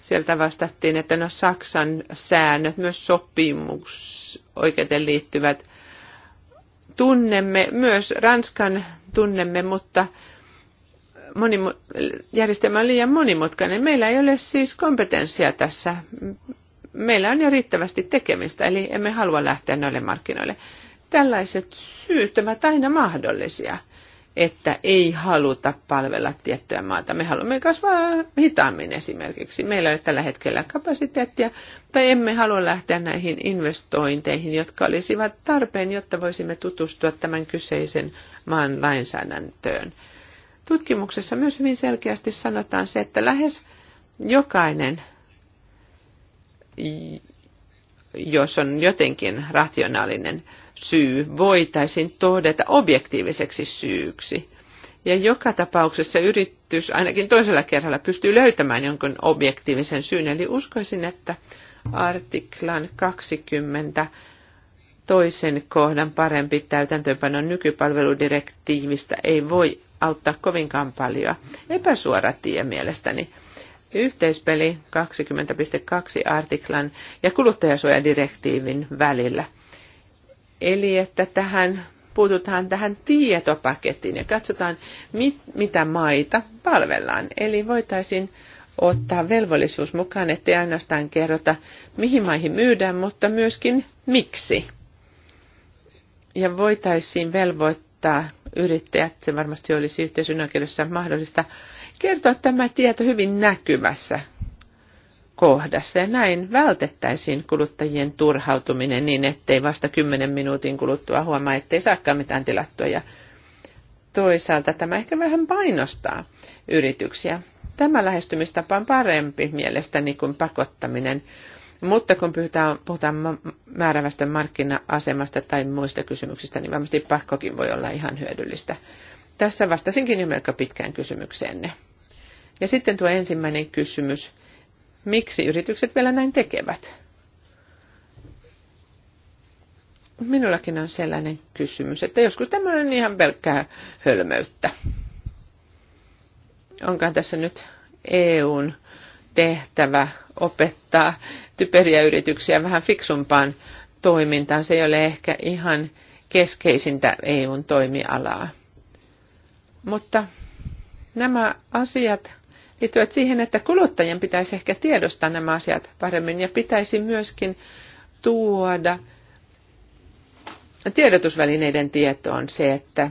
sieltä vastattiin, että no Saksan säännöt, myös sopimus oikeuteen liittyvät tunnemme, myös Ranskan tunnemme, mutta monimu- järjestelmä on liian monimutkainen. Meillä ei ole siis kompetenssia tässä. Meillä on jo riittävästi tekemistä, eli emme halua lähteä noille markkinoille. Tällaiset syyt ovat aina mahdollisia että ei haluta palvella tiettyä maata. Me haluamme kasvaa hitaammin esimerkiksi. Meillä ei ole tällä hetkellä kapasiteettia, tai emme halua lähteä näihin investointeihin, jotka olisivat tarpeen, jotta voisimme tutustua tämän kyseisen maan lainsäädäntöön. Tutkimuksessa myös hyvin selkeästi sanotaan se, että lähes jokainen, jos on jotenkin rationaalinen, syy voitaisiin todeta objektiiviseksi syyksi. Ja joka tapauksessa yritys ainakin toisella kerralla pystyy löytämään jonkun objektiivisen syyn. Eli uskoisin, että artiklan 20 toisen kohdan parempi täytäntöönpanon nykypalveludirektiivistä ei voi auttaa kovinkaan paljon. Epäsuora tie mielestäni. Yhteispeli 20.2 artiklan ja kuluttajasuojadirektiivin välillä – Eli että tähän puututaan tähän tietopakettiin ja katsotaan, mit, mitä maita palvellaan. Eli voitaisiin ottaa velvollisuus mukaan, ettei ainoastaan kerrota, mihin maihin myydään, mutta myöskin miksi. Ja voitaisiin velvoittaa yrittäjät, se varmasti olisi yhteisön oikeudessa mahdollista, kertoa tämä tieto hyvin näkyvässä kohdassa. Ja näin vältettäisiin kuluttajien turhautuminen niin, ettei vasta kymmenen minuutin kuluttua huomaa, ettei saakaan mitään tilattua. Ja toisaalta tämä ehkä vähän painostaa yrityksiä. Tämä lähestymistapa on parempi mielestäni kuin pakottaminen. Mutta kun puhutaan, puhutaan määrävästä markkina-asemasta tai muista kysymyksistä, niin varmasti pakkokin voi olla ihan hyödyllistä. Tässä vastasinkin jo melko pitkään kysymykseenne. Ja sitten tuo ensimmäinen kysymys miksi yritykset vielä näin tekevät. Minullakin on sellainen kysymys, että joskus tämmöinen on ihan pelkkää hölmöyttä. Onko tässä nyt EUn tehtävä opettaa typeriä yrityksiä vähän fiksumpaan toimintaan. Se ei ole ehkä ihan keskeisintä EUn toimialaa. Mutta nämä asiat liittyvät siihen, että kuluttajien pitäisi ehkä tiedostaa nämä asiat paremmin ja pitäisi myöskin tuoda tiedotusvälineiden tietoon se, että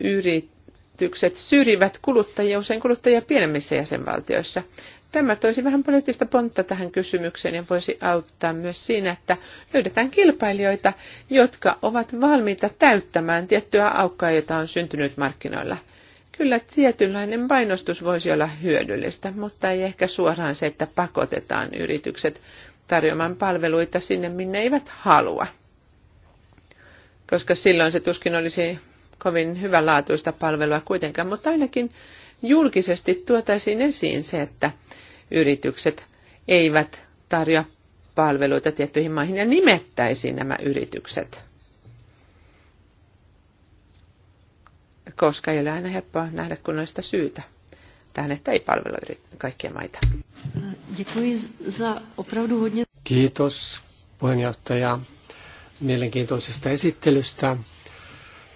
yritykset syrjivät kuluttajia, usein kuluttajia pienemmissä jäsenvaltioissa. Tämä toisi vähän poliittista pontta tähän kysymykseen ja voisi auttaa myös siinä, että löydetään kilpailijoita, jotka ovat valmiita täyttämään tiettyä aukkoa, jota on syntynyt markkinoilla – Kyllä tietynlainen painostus voisi olla hyödyllistä, mutta ei ehkä suoraan se, että pakotetaan yritykset tarjoamaan palveluita sinne, minne eivät halua. Koska silloin se tuskin olisi kovin hyvänlaatuista palvelua kuitenkaan, mutta ainakin julkisesti tuotaisiin esiin se, että yritykset eivät tarjoa palveluita tiettyihin maihin ja nimettäisiin nämä yritykset. koska ei ole aina helppoa nähdä kunnollista syytä tähän, että ei palvella kaikkia maita. Kiitos puheenjohtaja mielenkiintoisesta esittelystä.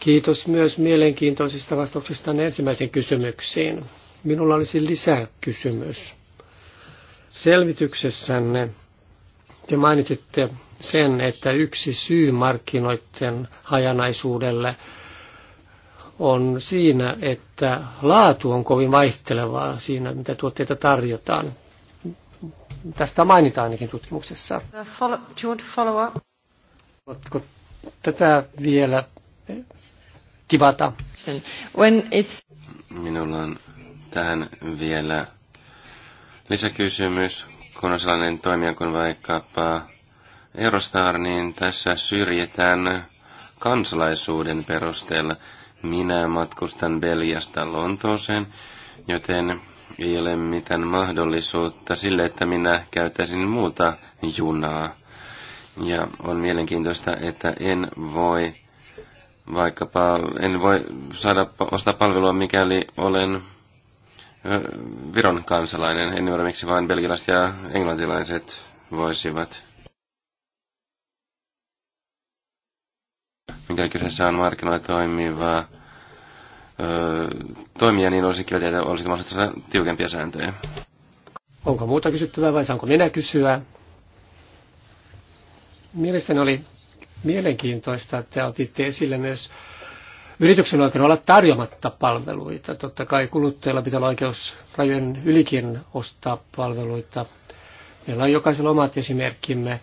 Kiitos myös mielenkiintoisista vastauksista ensimmäisiin kysymyksiin. Minulla olisi lisäkysymys. Selvityksessänne te mainitsitte sen, että yksi syy markkinoiden hajanaisuudelle – on siinä, että laatu on kovin vaihtelevaa siinä, mitä tuotteita tarjotaan. Tästä mainitaan ainakin tutkimuksessa. Uh, Oletko tätä vielä tivata? Eh, when it's... Minulla on tähän vielä lisäkysymys. Kun on sellainen toimija kuin vaikkapa Eurostar, niin tässä syrjitään kansalaisuuden perusteella. Minä matkustan Belgiasta Lontooseen, joten ei ole mitään mahdollisuutta sille, että minä käyttäisin muuta junaa. Ja on mielenkiintoista, että en voi vaikkapa, en voi saada ostaa palvelua, mikäli olen Viron kansalainen. En ymmärrä, miksi vain belgilaiset ja englantilaiset voisivat. mikäli kyseessä on markkinoilla toimiva öö, toimija, niin olisi kiva tietää, olisiko mahdollista saada tiukempia sääntöjä. Onko muuta kysyttävää vai saanko minä kysyä? Mielestäni oli mielenkiintoista, että otitte esille myös yrityksen oikeuden olla tarjomatta palveluita. Totta kai kuluttajilla pitää olla oikeus rajojen ylikin ostaa palveluita. Meillä on jokaisella omat esimerkkimme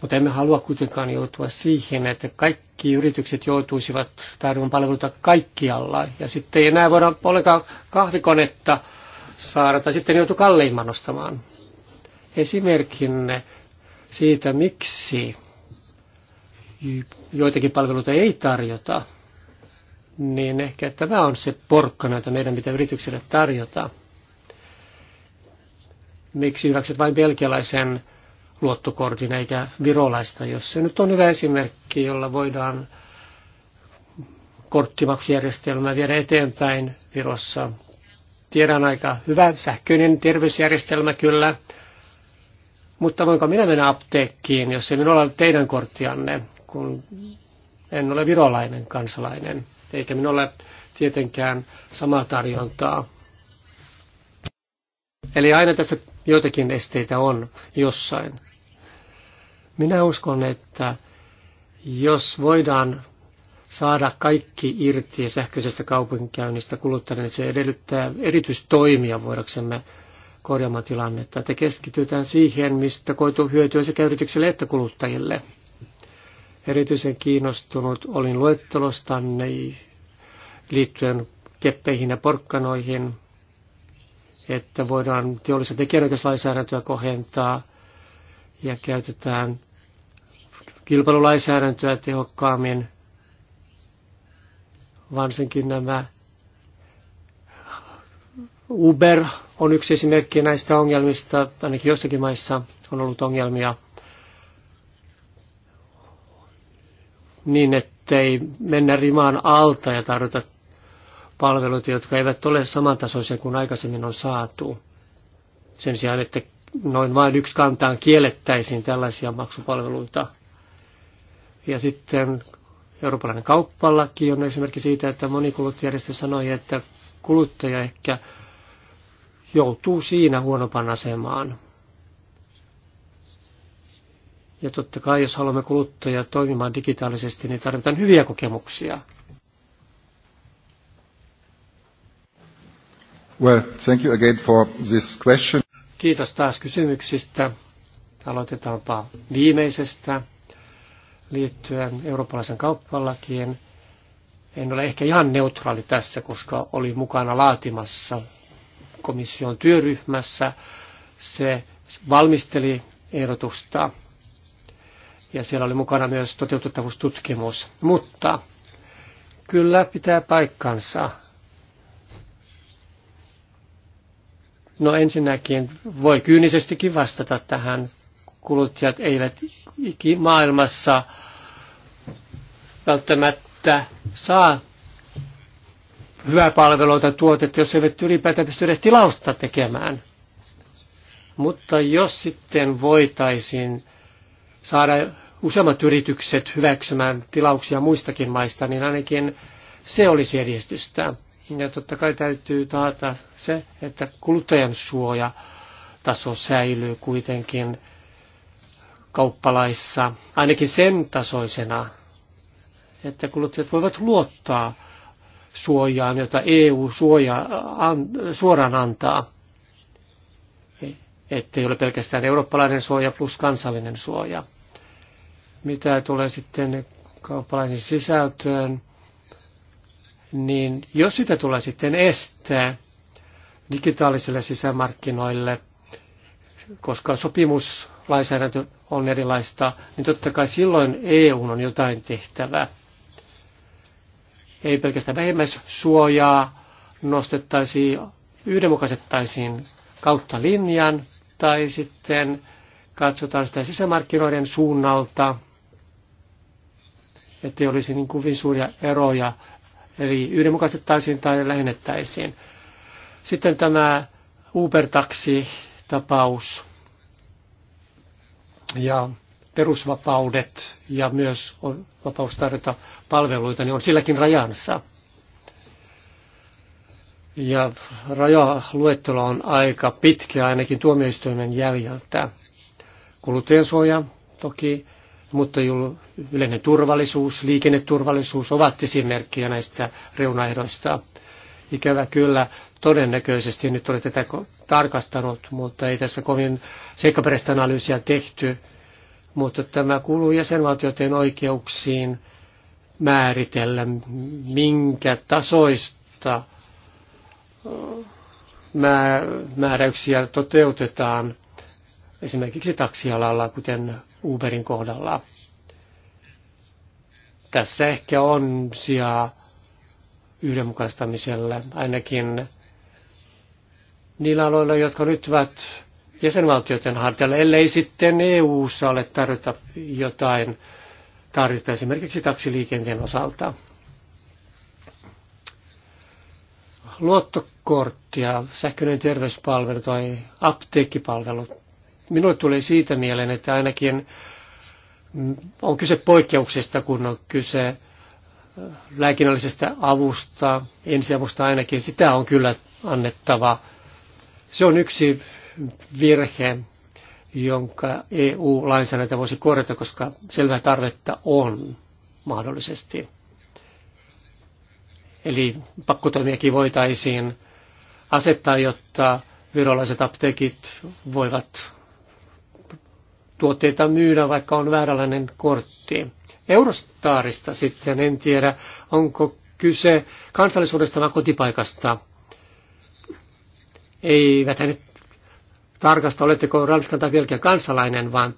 mutta emme halua kuitenkaan joutua siihen, että kaikki yritykset joutuisivat tarjoamaan palveluita kaikkialla. Ja sitten ei enää voida ollenkaan kahvikonetta saada, tai sitten joutuu kalleimman ostamaan. Esimerkkinne siitä, miksi joitakin palveluita ei tarjota, niin ehkä tämä on se porkkana, jota meidän pitää yrityksille tarjota. Miksi hyväksyt vain belgialaisen luottokortin eikä virolaista, jos se nyt on hyvä esimerkki, jolla voidaan korttimaksujärjestelmää viedä eteenpäin Virossa. Tiedän aika hyvä sähköinen terveysjärjestelmä kyllä, mutta voinko minä mennä apteekkiin, jos ei minulla ole teidän korttianne, kun en ole virolainen kansalainen, eikä minulla ole tietenkään samaa tarjontaa. Eli aina tässä joitakin esteitä on jossain. Minä uskon, että jos voidaan saada kaikki irti sähköisestä kaupunkikäynnistä kuluttajille, niin se edellyttää erityistoimia voidaksemme korjaamaan tilannetta, että keskitytään siihen, mistä koituu hyötyä sekä yrityksille että kuluttajille. Erityisen kiinnostunut olin luettelostanne liittyen keppeihin ja porkkanoihin, että voidaan teollisen tekijänoikeuslainsäädäntöä kohentaa ja käytetään kilpailulainsäädäntöä tehokkaammin, varsinkin nämä Uber on yksi esimerkki näistä ongelmista, ainakin jossakin maissa on ollut ongelmia niin, ettei mennä rimaan alta ja tarjota palveluita, jotka eivät ole samantasoisia kuin aikaisemmin on saatu. Sen sijaan, että noin vain yksi kantaan kiellettäisiin tällaisia maksupalveluita. Ja sitten eurooppalainen kauppalaki on esimerkki siitä, että moni sanoi, että kuluttaja ehkä joutuu siinä huonopan asemaan. Ja totta kai, jos haluamme kuluttajia toimimaan digitaalisesti, niin tarvitaan hyviä kokemuksia. Well, thank you again for this question. Kiitos taas kysymyksistä. Aloitetaanpa viimeisestä liittyen eurooppalaisen kauppalakiin. En ole ehkä ihan neutraali tässä, koska oli mukana laatimassa komission työryhmässä. Se valmisteli ehdotusta ja siellä oli mukana myös toteutettavuustutkimus. Mutta kyllä pitää paikkansa. No ensinnäkin voi kyynisestikin vastata tähän kuluttajat eivät maailmassa välttämättä saa hyvää palveluita tuotetta, jos eivät ylipäätään pysty edes tilausta tekemään. Mutta jos sitten voitaisiin saada useammat yritykset hyväksymään tilauksia muistakin maista, niin ainakin se olisi edistystä. Ja totta kai täytyy taata se, että kuluttajan suoja taso säilyy kuitenkin kauppalaissa, ainakin sen tasoisena, että kuluttajat voivat luottaa suojaan, jota EU suoja, an, suoraan antaa. Että ei ole pelkästään eurooppalainen suoja plus kansallinen suoja. Mitä tulee sitten kauppalaisen sisältöön, niin jos sitä tulee sitten estää digitaalisille sisämarkkinoille, koska sopimus lainsäädäntö on erilaista, niin totta kai silloin EU on jotain tehtävää. Ei pelkästään vähemmäissuojaa nostettaisiin, yhdenmukaisettaisiin kautta linjan, tai sitten katsotaan sitä sisämarkkinoiden suunnalta, ei olisi niin kovin suuria eroja, eli yhdenmukaisettaisiin tai lähennettäisiin. Sitten tämä Uber-taksi-tapaus ja perusvapaudet ja myös vapaus tarjota palveluita, niin on silläkin rajansa. Ja rajaluettelo on aika pitkä ainakin tuomioistuimen jäljeltä. Kuluttajansuoja toki, mutta yleinen turvallisuus, liikenneturvallisuus ovat esimerkkejä näistä reunaehdoista. Ikävä kyllä, todennäköisesti nyt oli tätä tarkastanut, mutta ei tässä kovin seikkaperäistä analyysiä tehty. Mutta tämä kuuluu jäsenvaltioiden oikeuksiin määritellä, minkä tasoista määräyksiä toteutetaan esimerkiksi taksialalla, kuten Uberin kohdalla. Tässä ehkä on sijaa yhdenmukaistamiselle, ainakin niillä aloilla, jotka nyt ovat jäsenvaltioiden hartialla, ellei sitten EU-ssa ole tarjota jotain tarjota esimerkiksi taksiliikenteen osalta. Luottokortti ja sähköinen terveyspalvelu tai apteekkipalvelu. Minulle tulee siitä mieleen, että ainakin on kyse poikkeuksesta, kun on kyse lääkinnällisestä avusta, ensiavusta ainakin, sitä on kyllä annettava. Se on yksi virhe, jonka EU-lainsäädäntö voisi korjata, koska selvää tarvetta on mahdollisesti. Eli pakkotoimiakin voitaisiin asettaa, jotta virolaiset apteekit voivat tuotteita myydä, vaikka on vääränlainen kortti. Eurostaarista sitten en tiedä, onko kyse kansallisuudesta vai kotipaikasta. Ei, nyt tarkasta, oletteko Ranskan tai Belgian kansalainen, vaan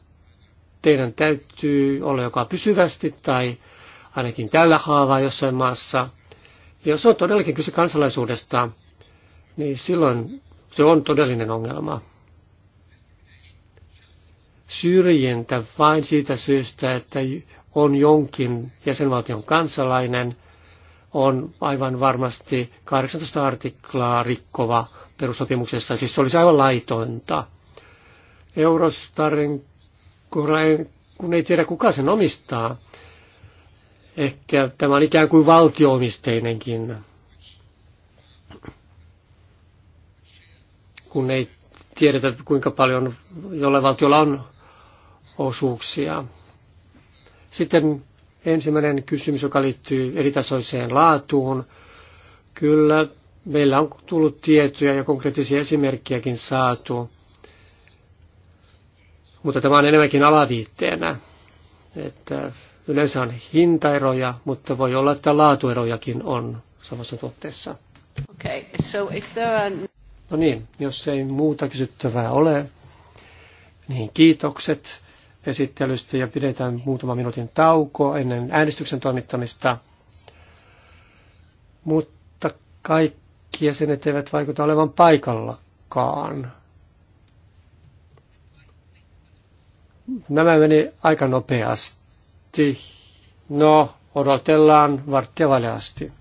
teidän täytyy olla joka pysyvästi tai ainakin tällä haavaa jossain maassa. Ja jos on todellakin kyse kansalaisuudesta, niin silloin se on todellinen ongelma. Syrjintä vain siitä syystä, että on jonkin jäsenvaltion kansalainen, on aivan varmasti 18 artiklaa rikkova perussopimuksessa, siis se olisi aivan laitonta. Eurostarin, kun ei tiedä kuka sen omistaa, ehkä tämä on ikään kuin valtioomisteinenkin, kun ei tiedetä kuinka paljon jollain valtiolla on osuuksia. Sitten ensimmäinen kysymys, joka liittyy eritasoiseen laatuun. Kyllä, meillä on tullut tietoja ja konkreettisia esimerkkejäkin saatu, mutta tämä on enemmänkin alaviitteenä. Että yleensä on hintaeroja, mutta voi olla, että laatuerojakin on samassa tuotteessa. Okay, so if there are... No niin, jos ei muuta kysyttävää ole, niin kiitokset esittelystä ja pidetään muutama minuutin tauko ennen äänestyksen toimittamista. Mutta kaikki jäsenet eivät vaikuta olevan paikallakaan. Nämä meni aika nopeasti. No, odotellaan varttia asti.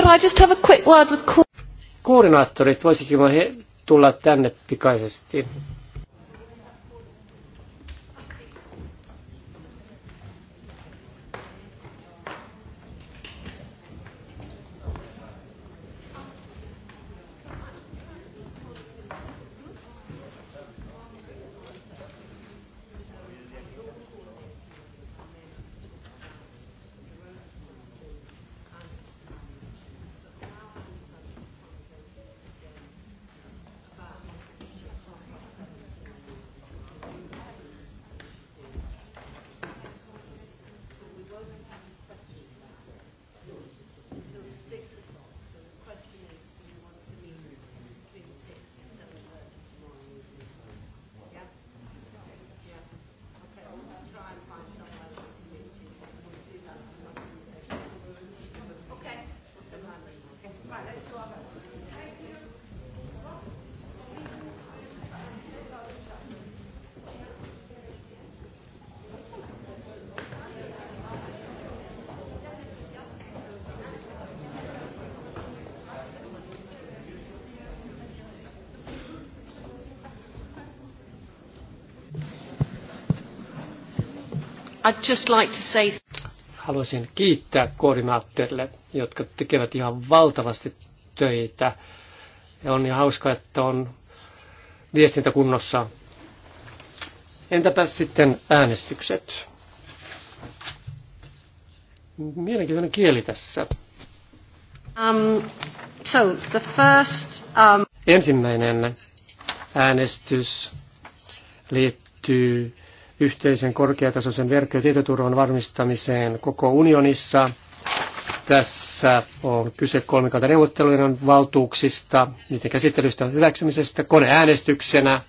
Could I just have a quick word with... Koordinaattorit, voisitko he tulla tänne pikaisesti? I'd just like to say... Haluaisin kiittää koordinaattorille, jotka tekevät ihan valtavasti töitä. Ja on ihan hauska, että on viestintäkunnossa. Entäpä sitten äänestykset? Mielenkiintoinen kieli tässä. Um, so the first, um... Ensimmäinen äänestys liittyy yhteisen korkeatasoisen verkko- ja tietoturvan varmistamiseen koko unionissa. Tässä on kyse kolmikantaneuvottelujen valtuuksista, niiden käsittelystä ja hyväksymisestä koneäänestyksenä.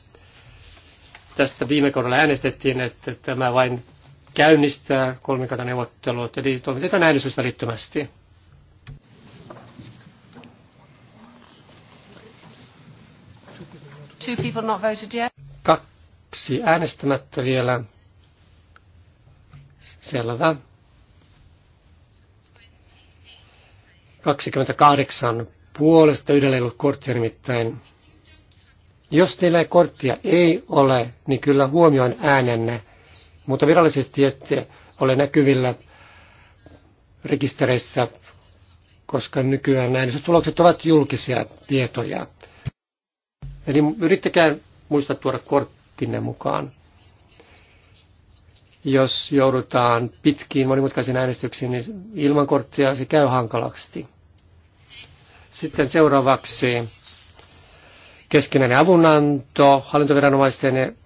Tästä viime kaudella äänestettiin, että tämä vain käynnistää kolmikantaneuvottelut, eli toimitetaan äänestys välittömästi. Two people not voted yet. Kaksi kaksi äänestämättä vielä. Selvä. 28 puolesta yhdellä ei ollut korttia nimittäin. Jos teillä ei korttia ei ole, niin kyllä huomioin äänenne, mutta virallisesti ette ole näkyvillä rekistereissä, koska nykyään äänestystulokset ovat julkisia tietoja. Eli yrittäkää muistaa tuoda korttia kommenttinne mukaan. Jos joudutaan pitkiin monimutkaisiin äänestyksiin, niin ilman korttia se käy hankalaksi. Sitten seuraavaksi keskinäinen avunanto hallintoviranomaisten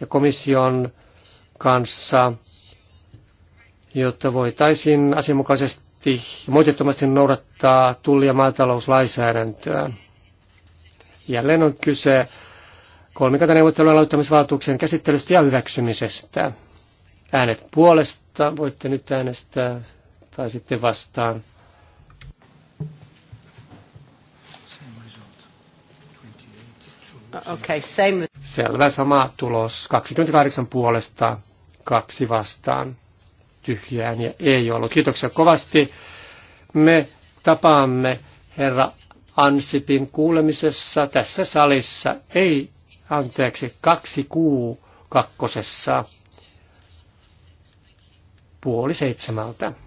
ja komission kanssa, jotta voitaisiin asianmukaisesti ja moitettomasti noudattaa tulli- ja maatalouslainsäädäntöä. Jälleen on kyse kolmikantaneuvottelun aloittamisvaltuuksien käsittelystä ja hyväksymisestä. Äänet puolesta voitte nyt äänestää tai sitten vastaan. Okay, same. Selvä sama tulos. 28 puolesta, kaksi vastaan. Tyhjään ja ei ollut. Kiitoksia kovasti. Me tapaamme herra Ansipin kuulemisessa tässä salissa. Ei anteeksi, kaksi kuu kakkosessa puoli seitsemältä.